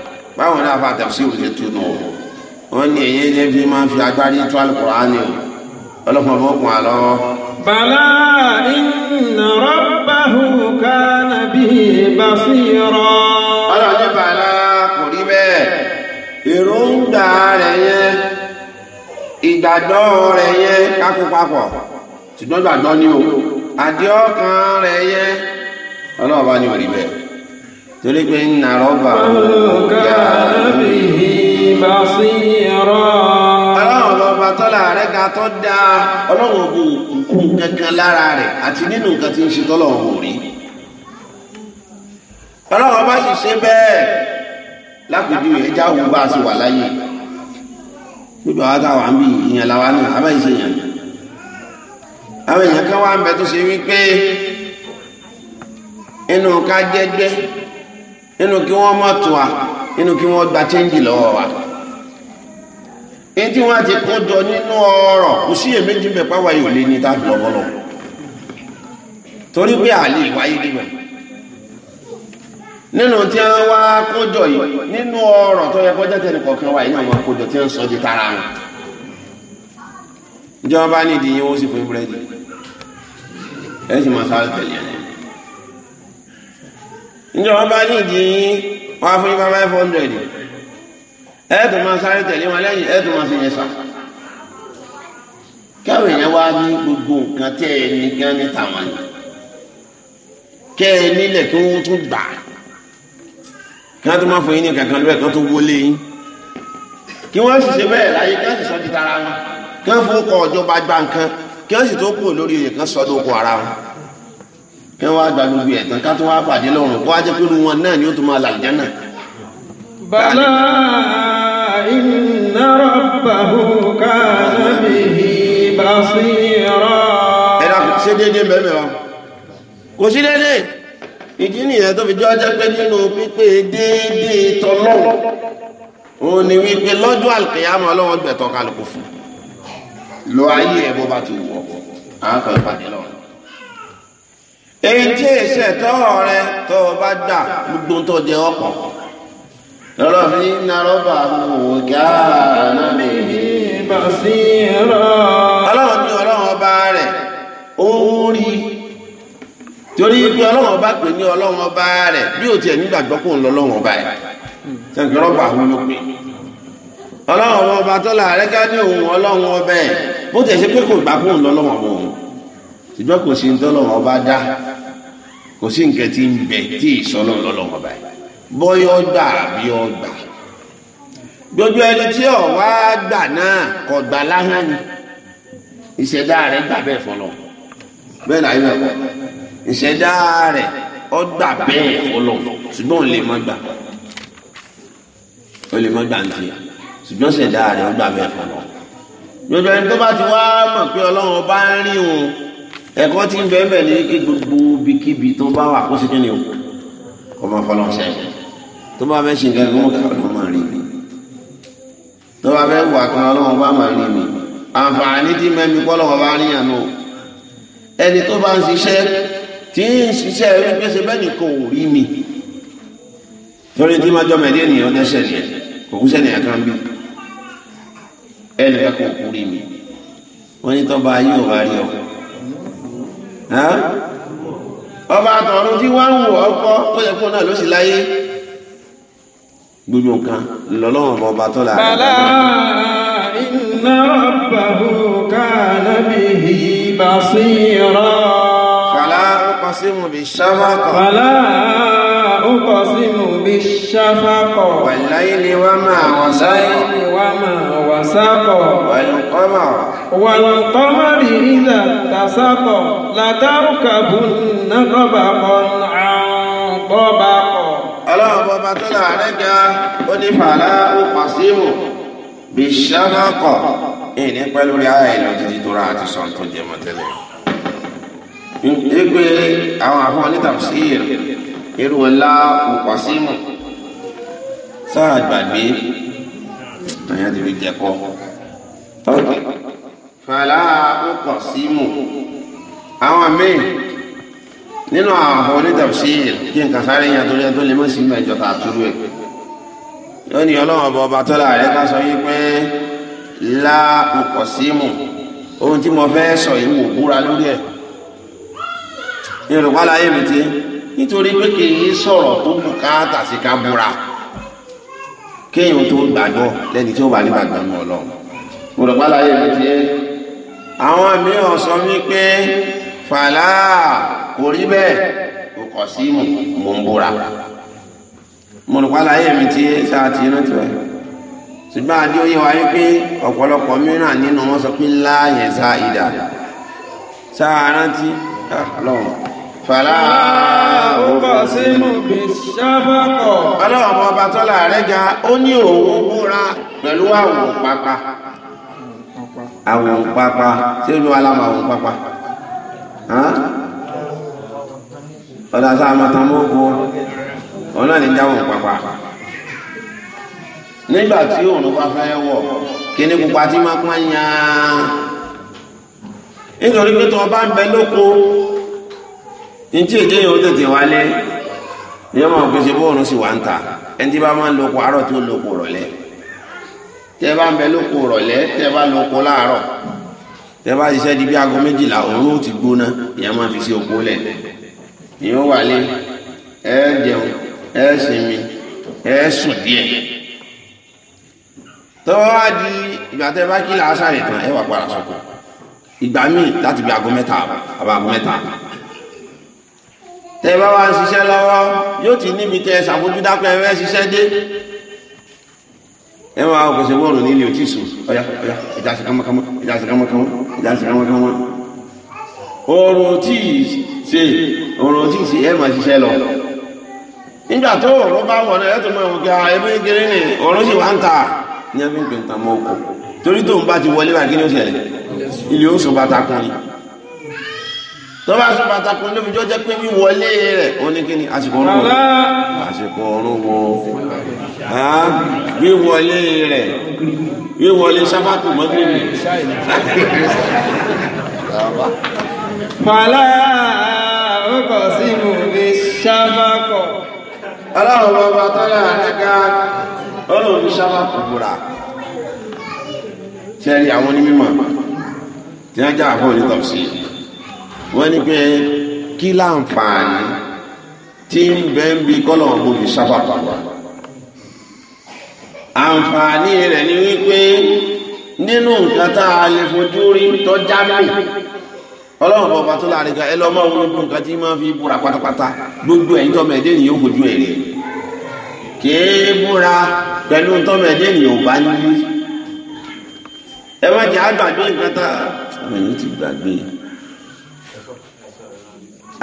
báwo ni àfa tafsir ṣe tu nù ó ní èyí ní fi máa fi agbárí tó alukur'ani o ọlọ́fọ̀n fún okùn àlọ́. ka inna rabbahu kana bihi basira. ọlọ́ọ̀ni Bala kò rí bẹ́ẹ̀ èròǹgbà rẹ̀ yẹn rẹ̀ yẹn ṣùgbọ́n ni o àdéhùn kan rẹ̀ yẹn ni rí bẹ́ẹ̀. torí pé ń nà rọ́bà ọlọ́run lọ́ba tọ́lá rẹ̀ ga tọ́ da ọlọ́run kò kú kankan lára rẹ̀ àti nínú nǹkan tí ń ṣe tọ́lọ̀ ọ̀hún rí ọlọ́run bá sì ṣe bẹ́ẹ̀ lápèjúwe ẹja òun bá a sì wà láyé gbogbo àwọn táwọn àmì ìyẹn làwa náà abẹ́ ìṣèyàn àwọn èèyàn kan wá ń bẹ tó ṣe wípé inú ká jẹ́gbẹ́ nínú kí wọ́n mọ̀ tó wa nínú kí wọ́n gba chẹ́ńjì lọ́wọ́ wa ní tí wọ́n ti kó jọ nínú ọ̀rọ̀ kò sí èméjì ń bẹ̀ páwa yìí ò lé ní tábìlì ọ̀bọ̀lọ̀ torí pé àlè ìwáyé níbẹ̀ nínú tí wọ́n wá kójọ yìí nínú ọ̀rọ̀ tó yẹ kọjá tẹnì kọ̀ọ̀kan wà yìí àwọn kójọ tí wọ́n sọ di tara wọn ìjọba nídìí yín wọ́n sì fún búrẹ́dì ẹ̀ sì máa sáré tẹ̀lé ẹ̀ njẹ́ wọ́n bá ní ìdí wọ́n á fún yín five hundred ẹ̀ẹ́dùn máa sáré tẹ̀lé wọn lẹ́yìn ẹ̀ẹ́dùn máa fi yẹn sá káwọn èèyàn wá ní gbogbo nǹkan tẹ́ ẹ ní gan ní tàwọn ni kẹ́ ẹ nílẹ̀ kí wọ́n tún gbà kí wọ́n tún máa fún yín ní kankan lóye kí wọ́n tún wọlé yín kí wọ́n sì ṣe bẹ́ẹ̀ láyé kí wọ́n sì sọ di tara wọn kí wọ́n fowó kọ ọjọ́ bá gbà nǹkan kí wọ́n sì tó kúrò lórí oyè kan sọ́dọ̀ kọ ara wọn kí wọ́n wá gba gbogbo ẹ̀tàn ká tó wá pàdé lọ́rùn kó wá jẹ́ pé wọn náà ni ó tún máa là jẹ́nà. bàlá iná rọ̀bàhù kánà bihi basira. ẹ dá ṣe déédéé bẹ́ẹ̀ mẹ́wàá kò sí déédéé ìdí nìyẹn tó fi jọ́ jẹ́ pé nínú pípé déédéé tọ́lọ́run òun ni wípé lọ́jọ́ àlùkìyàmọ́ ọlọ́wọ́ gbẹ̀tọ̀ kálukú fún lọ ayé ẹ̀ bó bá ti wù àwọn kan ìpàdé lọ́rùn èyí tí èsè tọ́ rẹ tọ́ ọ bá gbà gbogbo tó jẹ ọkọ̀ lọ́rọ̀ fi iná rọ́bà wò gá nàbí bá sí rọ. ọlọ́run ní ọlọ́run ọba rẹ̀ ó ń rí torí pé ọlọ́run ọba pè ní ọlọ́run ọba rẹ̀ bí ò tiẹ̀ nígbàgbọ́ kó ń lọ ọlọ́run ọba rẹ̀ sẹ́ńkì rọ́bà wò ló pé ọlọ́run ọba tó là rẹ́gá ní òun ọlọ́run ọbẹ̀ bó tẹ̀ ṣe pé kò gbà kó ń lọ ọlọ́run ọba òun ṣùgbọ́n kò sí ntọ́lọ́wọ́n ọba dá kò sí nǹkan tí ń bẹ tí ìsọlọ́ lọ́lọ́wọ́n ọba yìí bọ́yọ́ gbà bí ọ gbà gbogbo ẹni tí ọ wá gbà náà kò gbà láhán ni ìṣẹ̀dá rẹ̀ gbà bẹ́ẹ̀ fọlọ́ bẹ́ẹ̀ láyé bẹ́ẹ̀ kọ́ ìṣẹ̀dá rẹ̀ ọ gbà bẹ́ẹ̀ fọlọ́ ṣùgbọ́n ò lè má gbà ó lè má gbà ń ṣùgbọ́n ṣẹ̀dá rẹ̀ ọ gbà bẹ́ẹ̀ fọlọ́ gbogbo ẹni tó bá ti wá mọ̀ pé ọlọ́run ọba ń rí òun ẹ̀kọ́ tí ń bẹ́ẹ̀ bẹ́ẹ̀ ní gbogbo ibikíbi tó bá wà kó sí kí ni o kò máa fọlọ́ ṣe tó bá fẹ́ ṣe nǹkan kí wọ́n kà ló máa rí mi tó bá fẹ́ wà kan ọlọ́run bá máa rí mi àǹfààní tí mẹ́mi kọ́lọ́wọ́ bá rí yàn náà ẹni tó bá ń ṣiṣẹ́ tí ń ṣiṣẹ́ rí pé bẹ́ẹ̀ nìkan ò rí mi torí tí máa jọmọ ẹdí ènìyàn dẹ́ṣẹ̀ ni kò kú sẹ́ni àkàn bí ẹnì kan kò kú rí mi wọ́n ní tó ọba àtọ̀run tí wọ́n ń wọ ọkọ́ tó yẹ kó náà ló sì láyé gbogbo nǹkan lọ́lọ́wọ́n ọba tó bàlá iná bàbá kánàbì bàṣírọ̀. أقسم بالشفق فلا أقسم بالشفق والليل وما وسق وما وسق والقمر والقمر إذا اتسق لتركبن طبقا عن طبق ọlọ́run bọba tó láàárẹ̀ ga ó ní fàlà ọ̀pọ̀símù bí ṣàkọ́kọ̀ ìní pẹ̀lú rí ara ìgbé àwọn àfọwọ́n ní tafsir irú ńlá òkọ̀símù sáà gbàgbé ẹ̀yà ti fi jẹ̀kọ́ fàlà òkọ̀símù àwọn míì nínú àwọn àfọwọ́n ní tafsir kí n kà sáré yẹn tó lé tó lè mọ́ sí mẹ́jọ tà túrú ẹ̀ lónìí ọlọ́run ọba ọba tọ́lá rẹ̀ ká sọ yí pé lá òkọ̀símù ohun tí mo fẹ́ sọ yìí wò búra lórí ẹ̀ yorùbá láyé mi ti nítorí pé kì í sọ̀rọ̀ tó bùkátà sí ká búra kéèyàn tó gbàgbọ́ lẹ́ni tí ó wà nígbàgbọ́ nù ọlọ́run yorùbá láyé mi ti àwọn mìíràn sọ mí pé fàlà kò rí bẹ́ẹ̀ kò kọ̀ sí mò ń búra yorùbá láyé mi ti sáà ti rántí rẹ̀ ṣùgbọ́n adé ó yẹ pé ọ̀pọ̀lọpọ̀ mìíràn nínú wọn sọ pé ńlá yẹn sá ìdá sáà rántí ah, ọlọ́run fàlà uqsimu bish-shafaq. ọlọ́run ọba tọ́lá rẹ̀ ga ó ní òun búra pẹ̀lú àwọ̀ pápá àwọ̀ pápá tí ó ní alámọ̀ àwọ̀ pápá ọ̀dà sáà mọ̀tàn mọ́kù ọ̀nà ní jáwọ̀ pápá nígbà tí òun bá fẹ́ wọ̀ kí pupa tí máa pọ́n yàn án nítorí pé tó o bá ń bẹ lóko ntí èdè yìí ó tètè wálé ní ọmọ ògbésẹ bóòrùn sì wà ń ta ẹni tí bá máa ń lóko àárọ̀ tí ó lóko rọ̀lẹ́ tẹ bá ń bẹ lóko rọ̀lẹ́ tẹ bá lóko láàárọ̀ tẹ bá ṣiṣẹ́ di bí aago méjìlá òórùn ó ti gbóná ìyẹn máa fi ṣe òkú lẹ̀ ìyẹn ó wálé ẹ jẹun ẹ sinmi ẹ sùn díẹ̀ tọ́wọ́ wá di ìgbà tẹ bá kí làásàrè tán ẹ wà padà sọ̀kọ̀ ìgbà míì láti bí aago mẹ́ta àbá aago mẹ́ta tẹ́ bá wá ń ṣiṣẹ́ lọ́wọ́ yóò ti níbi tẹ́ ṣàfojúdá pé ẹ̀rẹ́ ṣiṣẹ́ dé ẹ wá ọkọ̀ṣẹ́ bọ́ọ̀lù nílé òtí sùn ọ̀yá ọ̀yá ìjà sí kámọ́kámọ́ ìjà sí kámọ́kámọ́ ìjà sí kámọ́kámọ́ ọ̀rọ̀ tí ṣe ọ̀rọ̀ tí ṣe ẹ̀ máa ṣiṣẹ́ lọ nígbà tó ọ̀rọ̀ bá wọ̀ náà ẹ̀ tó máa wọ̀ ga ẹbí kiri ni ọ̀rọ̀ sì wá ń ta ní ẹbí ń pè ń ta mọ́ ọkọ̀ torí tóun bá ti wọlé bá kí ni ó ṣẹlẹ̀ ilé ó sọ bá ta kún ni tó bá sọ pàtàkì ní ìjọ jẹ́ pé wíwọlé rẹ̀ ó ní kí ni àsìkò ọ̀rọ̀ wọ àsìkò ọ̀rọ̀ wọ wíwọlé rẹ̀ wíwọlé sábàtù mọ́gírìmì [LAUGHS] fàlà ọkọ̀ sí mú ní sábàkọ̀ aláwọ̀ bàbá tọ́lá àdága ọlọ́run sábàkù búra ṣẹ́rí àwọn onímọ̀ tí wọ́n já àfọ́ onítọ̀sí yìí wọ́n ní kila kí láǹfààní tí ń ń bi kọ́lọ̀ òbí sábà pàpà àǹfààní ni wípé nínú nǹkan tá a lè fojú rí tọ́já mi ọlọ́run bọ̀ bàtọ́ láàrin ẹ gbọ́n fi búra pátápátá gbogbo ẹ̀yìn tọ́mọ ẹ̀dẹ́ nìyẹn fojú ẹ̀ rẹ̀ kéé búra pẹ̀lú tọ́mọ ẹ̀dẹ́ nìyẹn ò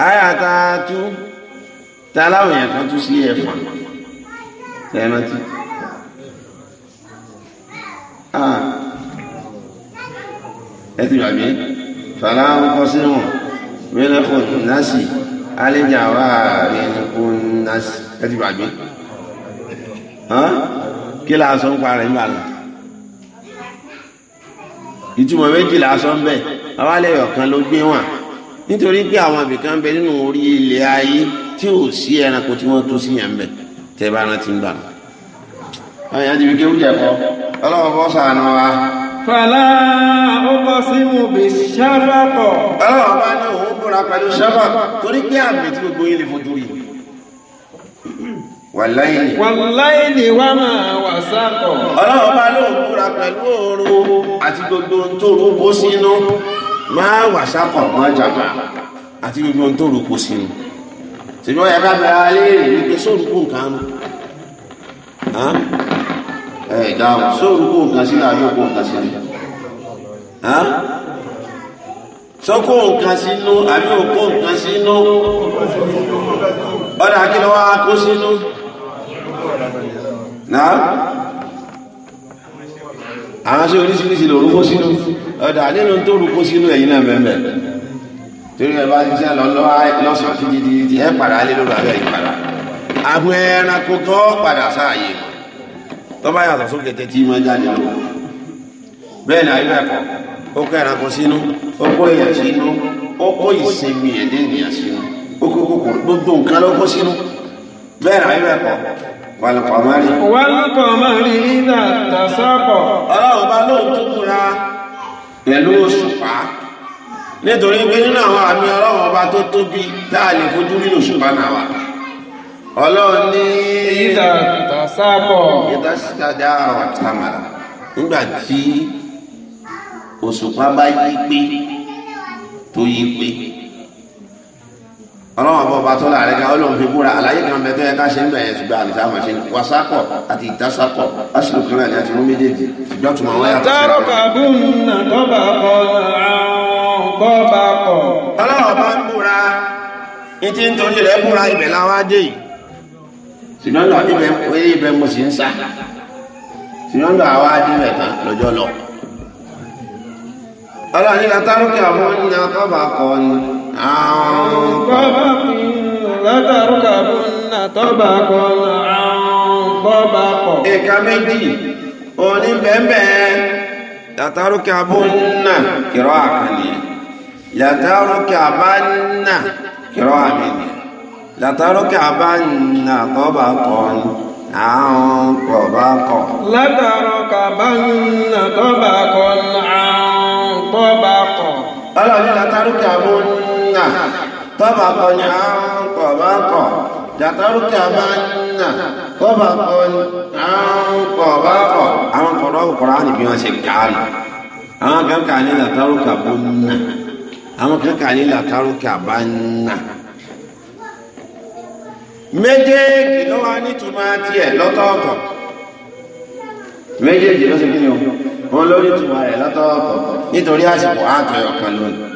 àyàtà tú tá aláwọ̀ yẹn kan tú sí ẹ̀fà tẹ́rántí. ẹ ti gbàgbé fàlà ń kọ́ sínú mẹ́lẹ́kùn násì alẹ́jà wà mẹ́lẹ́kùn násì ẹ ti gbàgbé kí lásán ń parẹ́ ń bà lọ ìtumọ̀ méjì lásán ń bẹ̀ awálẹ̀ ọ̀kan ló gbé wọn nítorí pé àwọn àbìkan ń bẹ nínú orí ilẹ̀ ayé tí ò sí ẹranko tí wọ́n tó sí yẹn ń bẹ tẹ́ bá rántí ń gbà mí. àwọn èèyàn ti fi kéwú jẹ kọ ọlọ́wọ́ bọ́ sànù wa. fàlà ọkọ símù bí ṣáfàkọ. ọlọ́wọ́ bá ní òun búra pẹ̀lú ṣáfàkọ torí pé àmì tí gbogbo yín lè fojú rí i wàláìní wàláìní wà máa wà sákọ̀. ọlọ́run bá lóun búra pẹ̀lú òru àti gbogbo tó rú bó sínú máa wà sákọ̀ máa jàmbá àti gbogbo ohun tó rúkú sí ni ṣèjọ́ ẹ bá bẹ̀rẹ̀ alẹ́ rẹ̀ wípé sórúkú nǹkan nù ẹ dáhùn sórúkú nǹkan sílẹ̀ àbí òkú nǹkan sílẹ̀ sọ́kó nǹkan sínú àbí òkú nǹkan sínú ọ̀dà kí lọ́wọ́ kó sínú náà àwọn sí oríṣiríṣi lòrú kó sínú ọ̀dà nínú tó rú kó sínú ẹ̀yìn náà mẹ́mẹ́ torí ẹ bá ṣiṣẹ́ lọ lọ́sàn títí títí ẹ padà lé lórí abẹ́ ìpadà àwọn ẹranko tó padà sáàyè tó bá yàtọ̀ sókè tẹ́tí máa jáde lọ bẹ́ẹ̀ ni ayé ẹ̀kọ́ ó kó ẹranko sínú ó kó èèyàn sínú ó kó ìsinmi ẹ̀dẹ́ ènìyàn sínú ó kó kòkòrò gbogbo nǹkan ló kó sínú bẹ́ẹ̀ ni ayé ẹ̀kọ́ wàlùkọ̀mọ́rì. wàlùkọ̀mọ́rì ìdá tàṣàpọ̀. ọlọ́run bá lóun tó kúra pẹ̀lú òṣùpá nítorí pé nínú àwọn àmì ọlọ́run ọba tó tóbi tá a lè fojú nínú òṣùpá náà wà. ọlọ́run ní. ìdá tàṣàpọ̀. ìdá sítájà àwọn àtàmàlà nígbà tí òṣùpá bá yí pé tó yí pé ọlọ́wọ́n bọ́ bá tó láàrin ká ọlọ́run fi búra àlàyé kan bẹ tó yẹ ká ṣe ń bẹ̀rẹ̀ ṣùgbọ́n àlùsá àwọn ṣe wasákọ̀ àti ìtàsákọ̀ aṣílù kan náà ni a ti mú méjèèjì ṣùgbọ́n tùmọ̀ wọn yàtọ̀ sí. tọ́rọ kàbú nà kọ́ba kọ kọ́ba kọ. ọlọ́wọ́n bá ń búra ní tí ń torí rẹ̀ búra ibẹ̀ láwa dé yìí. ṣùgbọ́n lọ ibẹ̀ wé ibẹ̀ mo sì ń sá ṣùgbọ́n lọ àwa dé ibẹ̀ tán lọ́jọ́ lọ. ọlọ́run ní عن طبق لتركبن طبقا عن طبق ìka méjì òní bẹ́ẹ̀bẹ́ لتركبن قراءة كنية لتركبن قراءة مني لتركبن طبقا عن طبق لتركبن طبقا عن طبق ọlọ́run látàrókè àbọ̀ طبقا عن طبق لتركبن طبقا عن طبق àwọn kọ̀rọ̀ Kùránì bí wọ́n ṣe kàánù àwọn kan kà ní làtàrúkà bùnà àwọn kan kà ní làtàrúkà bánà méjèèjì ló wá nítumọ̀ tiẹ̀ lọ́tọ̀ọ̀tọ̀ méjèèjì ló ṣe kí ni o wọn ló nítumọ̀ Nitori lọ́tọ̀ọ̀tọ̀ nítorí àsìkò àtọ̀ ọ̀kan lónìí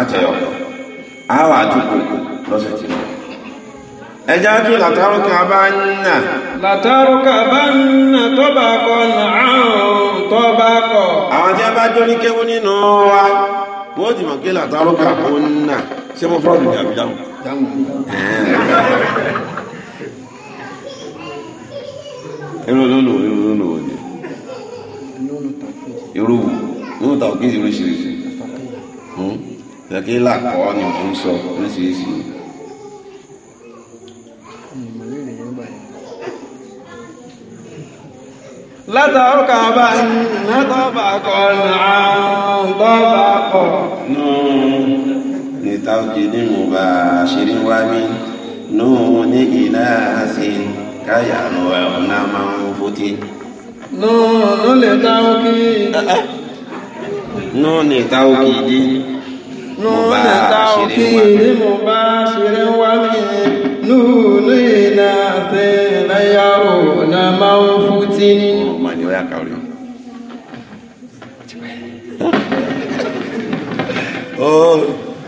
àtẹ̀yọ̀kọ̀ àwọn àtúkò lọ́sẹ̀ tí lọ ẹjá tún látàrúkà bá ń nà látàrúkà bá ń nà tó bá kọ nàárùn tó bá kọ àwọn tí a bá jó ní kéwú nínú wa wọ́n ti mọ̀ kí látàrúkà bó ń nà ṣé mo fọ́ọ̀dù jàbí dáhùn irú olóòlò irú olóòlò wọ̀ ni irú olóòlò tàkì irú tàkì oríṣiríṣi tẹ̀kí làkọ́ ni mò ń sọ oríṣiríṣi. látàkà bá nàtọ́bà kọ́ nàtọ́bà kọ́. nù ní táwùkì ní mo bá ṣeré wá mi nù ní ìlàsì káyà ọ̀nà máa ń fòtí. nù nù lè táwùkì. nù ní táwùkì dín. مباشر مباشر ومن نور ناس يرون منفتن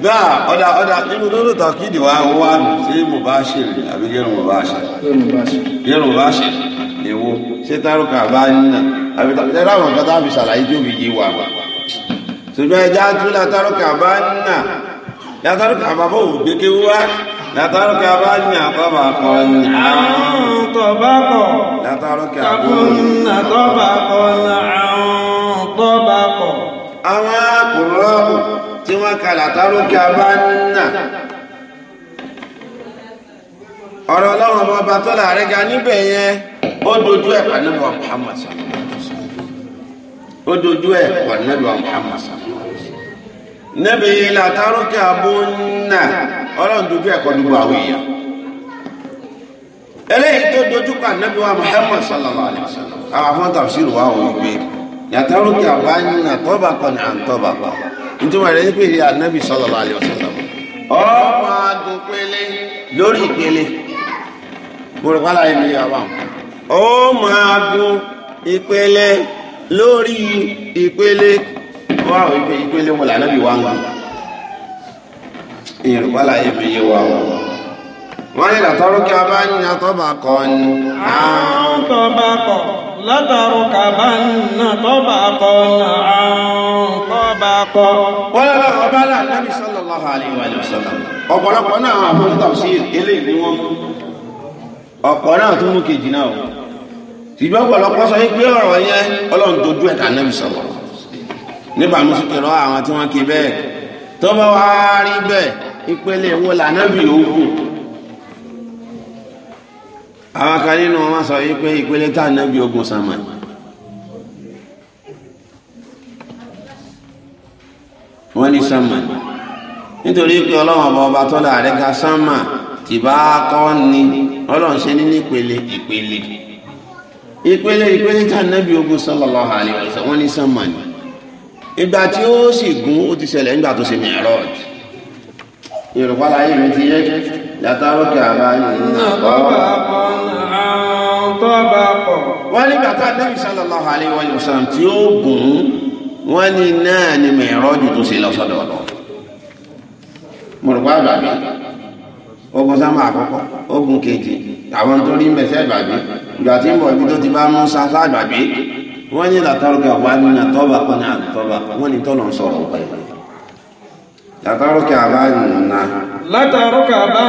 náà ọ̀dà ọ̀dà nínú lórí tàkìdì wa wà sí mubashir àbí gẹ́rù mubashir gẹ́rù mubashir èwo ṣé tárùkà bá ń nà àbí tàbí tẹ́lá àwọn kan tá a fi ṣàlàyé tó fi yé wa ṣùgbọ́n ẹja tún látàrọ kàbá nà látàrọ kàbá bọ̀ wù gbégbé wá látàrọ kàbá nà tọ́ba kọ́ nà. àrùn tọ́ba kọ̀. látàrọ kàbó nà tọ́ba kọ́ nà àrùn tọ́ba kọ̀. àwọn akùnrọ́ọ̀bù tí wọ́n ka látàrọ kàbá nà. ọ̀rọ̀ ọlọ́run ọba tó láàrin ga níbẹ̀ yẹn ó dojú ẹ̀ pẹ̀lú Muhammad sallallahu ó dojú ẹ̀ kọ̀ nẹ́bí wa Muhammad nẹ́bí látàrókè abúnà ọlọ́run dojú ẹ̀kọ́ dúgbò àwọn èèyàn eléyìí tó dojú kọ ànábì wa Muhammad sallallahu alayhi wa sallam àwọn afọ́n tafsir wa wò gbé látàrókè abúnà tọ́ba kan ní àǹtọ́ba kan nítorí rẹ̀ pé ìyá ànábì sallallahu alayhi wa sallam ọmọ adùn pélé lórí ìpele mo rò pálá yìí mi yà wà ó máa gun ìpele lórí ìpele wà wípé ìpele wọn lànà bí wà ń gbé ìrùpá láyé mi yé wa wọn wọ́n ní látọ́rọ́ kí a bá ń yan tó bá kọ́ ni. àwọn tó bá kọ̀ látọ̀rọ̀ kà bá ń nà tó bá kọ́ nà àwọn tó bá kọ́. wọ́n lọ́wọ́ ọba aláàbí sallallahu alaihi wa sallam ọ̀pọ̀lọpọ̀ náà àwọn afọ́nítàwọ̀sí eléyìí ni wọ́n ọ̀pọ̀ náà tó mú kejì náà wọ́n. ìgbà ọ̀pọ̀lọpọ̀ sọ pé ọ̀rọ̀ yẹn ọlọ́run tó dú ẹ̀ka nẹ́bí sọ̀rọ̀ nípa rọ, àwọn tí wọ́n ké bẹ́ẹ̀ tó bá wá rí bẹ́ẹ̀ ìpele wo lànàbì ogun àwọn kan nínú wọn sọ pé ìpele tá ànàbì ogun sàmà wọ́n ní sàmà nítorí pé ọlọ́run ọba ọba tọ́lá rẹ̀ ga sàmà tìbá kọ́ ni ọlọ́run ṣe ní nípele ìpele. ìpele ìpele tí anábì ogun sallallahu alaihi wasallam wọ́n ní sánmà ni ìgbà tí ó sì gún ó ti ṣẹlẹ̀ nígbà tó ṣe mi'raj yorùbá láyé mi ti yẹ látàrọ kí àbá yìí nà kọ́ wọ́n nígbà tá anábì sallallahu alaihi wasallam tí ó gún wọ́n ní náà ni mi'raj tó ṣe lọ́sọ̀dọ̀ mo rò pé àbàbí ogun sámà àkọ́kọ́ ogun kejì àwọn tó rí mẹsẹ̀ ìgbàgbé ìgbà tí ń bọ̀ ibi tó ti bá Mùsá sáàgbàgbé wọ́n ní làtọ́rọ̀kẹ́ wà nínú àtọ́bà kan ní àtọ́bà wọ́n ní tọ́nà sọ̀rọ̀ pẹ̀ làtọ́rọ̀kẹ́ àbá nà. látàrọ̀kẹ́ àbá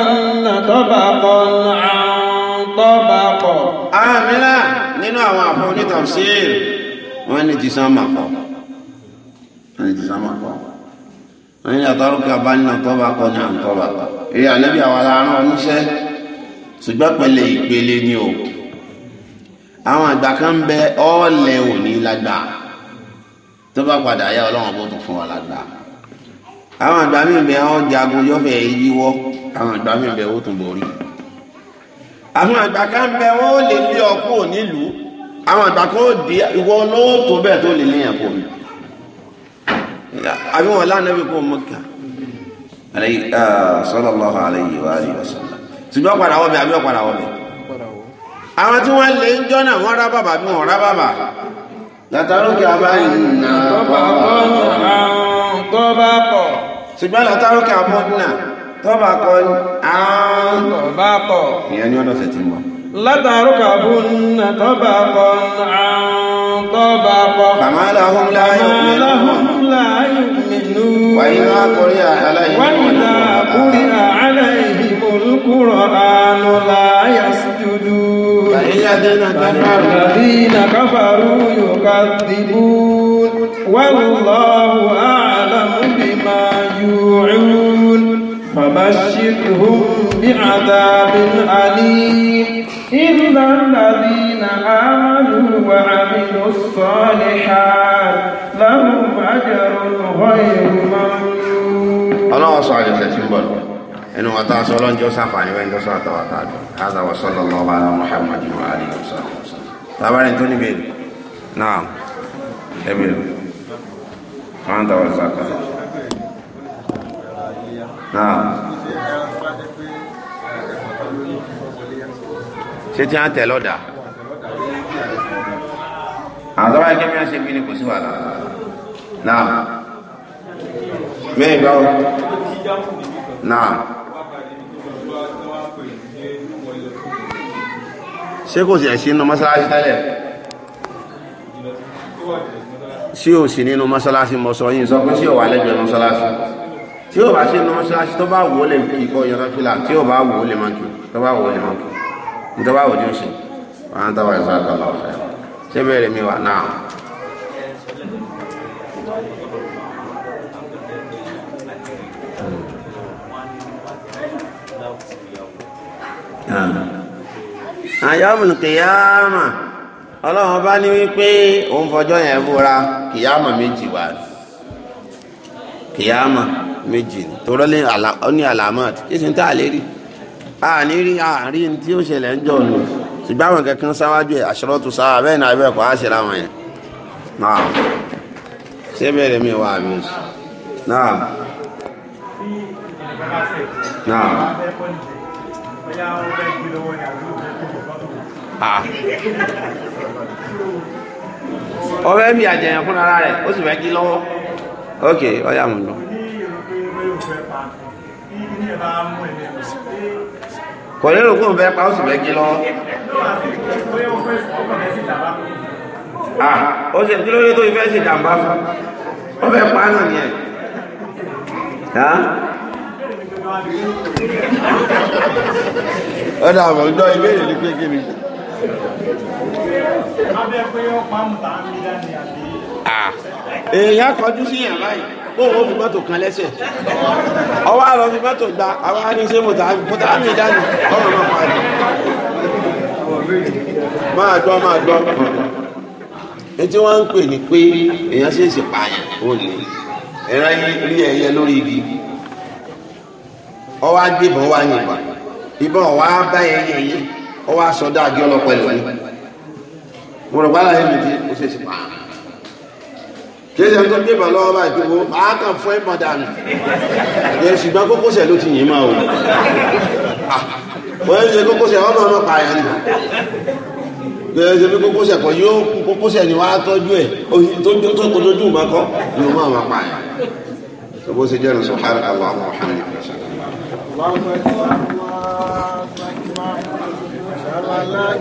nà tọ́bà kan àtọ́bà kọ̀. àmìlà nínú àwọn àfọ onítàfsíìrì wọ́n ní ti sámà kọ̀ wọ́n ní ti sámà kọ̀ wọ́n yìí àtọ́rùkì àbánínà tọ́ba kọ́ ní àǹtọ́ba èyí ànábì àwọn aláàrán oníṣẹ́ ṣùgbọ́n pẹ̀lú ìpele ni o àwọn àgbà kan ń bẹ ọ́ọ̀lẹ̀ òní lágbà tó bá padà yá ọlọ́run bó tún fún wa lágbà àwọn àgbà míì bẹ ọ́ jagun yọ́fẹ̀ yíwọ́ àwọn àgbà míì bẹ ó tún borí àwọn àgbà kan ń bẹ wọ́n lé ọkú nílùú àwọn àgbà kan ó di ìwọ olóòtú bẹ́ẹ̀ tó lè léyàn kò ní àbí wọn lánàbí kó Mẹ́kà uh, sallallahu alayhi wa alihi wa sallam ṣùgbọ́n padà wọ́bẹ̀ àbí ọ̀padà wọ́bẹ̀ àwọn tí wọ́n lè ń jọ́nà wọ́n rá bàbà bí wọ́n rá bàbà látàrókè àbáyìn náà tọ́bà pọ̀ ṣùgbọ́n látàrókè àbọ̀ náà tọ́bà kọ́ ní àwọn tọ́bà pọ̀ ìyẹn ni ọdọ̀ fẹ̀ tí wọ́n لتركبن طبقا عن طبق فما لهم لا يؤمنون وإذا قرئ عليهم وإذا قرئ عليهم القرآن لا يسجدون الذين كفروا يكذبون والله أعلم بما يوعون فبشرهم بعذاب أليم إلا الذين آمنوا وعملوا الصالحات لهم أجر غير ممنون الله صلى الله عليه وسلم إنه أتى صلى الله عليه وسلم هذا وصلى الله على محمد وآله وصحبه وسلم توني أنتم نعم جميل فأنت وزاك ṣé tí wọ́n tẹ̀ lọ́dà àtọ́wá ẹgbẹ́ mi ṣe bí ni kò sí wàhálà náà mẹ́rin báwo náà ṣé kò sí ẹ̀sìn inú mọ́sálásí tẹ́lẹ̀ sí ò sí nínú mọ́sálásí mọ́sọ́ yìí sọ pé sí o wà lẹ́gbẹ̀ẹ́ mọ́sálásí. tí ó bá ṣe ní mọ́ṣáláṣí tó bá wò lè kí yọrọ fìlà tí ó bá wò lè tó bá wò lè ní tó bá wò ní oṣù á bá ní wípé òun fọjọ́ yẹn búra kìyàmà méjì ni tòrọ le ọ ní alamat yíṣẹ́ tá a lè rí a ní rí àárín tí ó ṣẹlẹ̀ ń jọ lò ṣùgbọ́n àwọn kankan sáwájú abe àṣọrọ́ tó sáwá bẹ́ẹ̀ náà bẹ́ẹ̀ kọ́ á ṣe láwọn yẹn náà ṣé bẹ́ẹ̀rẹ̀ mi wà mí náà náà ọ̀rẹ́ mi àjẹyàn fúnra rẹ̀ o sì fẹ́ kí lọ́wọ́ ok ọ̀yà mọ̀ náà. kò lérò kó n pa ó sì fẹ́ kí lọ. ó sì kí lóye tó fẹ́ ṣe jàǹbá fún ó fẹ́ pa náà ni ẹ̀. ó dà bọ̀ gbọ́ ìbéèrè ní pé kí ni. èèyàn kọjú sí yàrá yìí. bóun ó fi mọ́tò kan lẹ́sẹ̀ ọwọ́ àlọ́ fi mọ́tò gba àwọn aníṣẹ́ mọ́tàmí mọ́tàmí ìdáni ọmọ náà na ni máa gbọ́ máa gbọ́ etí wọ́n ń pè ní pé èèyàn ṣe é ṣe pààyàn ó lè ẹ̀rọ rí ẹyẹ lórí ibi ọwọ́ agbébọn wá yìnbọn ìbọn ọwọ́ á bá ẹyẹ ọwọ́ aṣọ ọlọ́pàá mo mi ó ṣe é ṣe pààyàn. kìí ṣe tó gbébà lọ́wọ́ báyìí pé mo máa kàn fún ẹ̀ mọ̀dánù ẹ̀ ṣùgbọ́n kókósẹ̀ ló ti yìn máa o wọ́n ń ṣe kókósẹ̀ ọ̀nà ọ̀nà pààyàn nù bẹ́ẹ̀ ṣe bí kókósẹ̀ kan yóò kú kókósẹ̀ ni wàá tọ́jú ẹ̀ tó ń tó kó tójú máa kọ́ ni mo máa máa pààyàn. ṣùgbọ́n ó ṣe jẹ́ ìrìnsọ̀ hàrà àwọn ọmọ hàn ní ìpínlẹ̀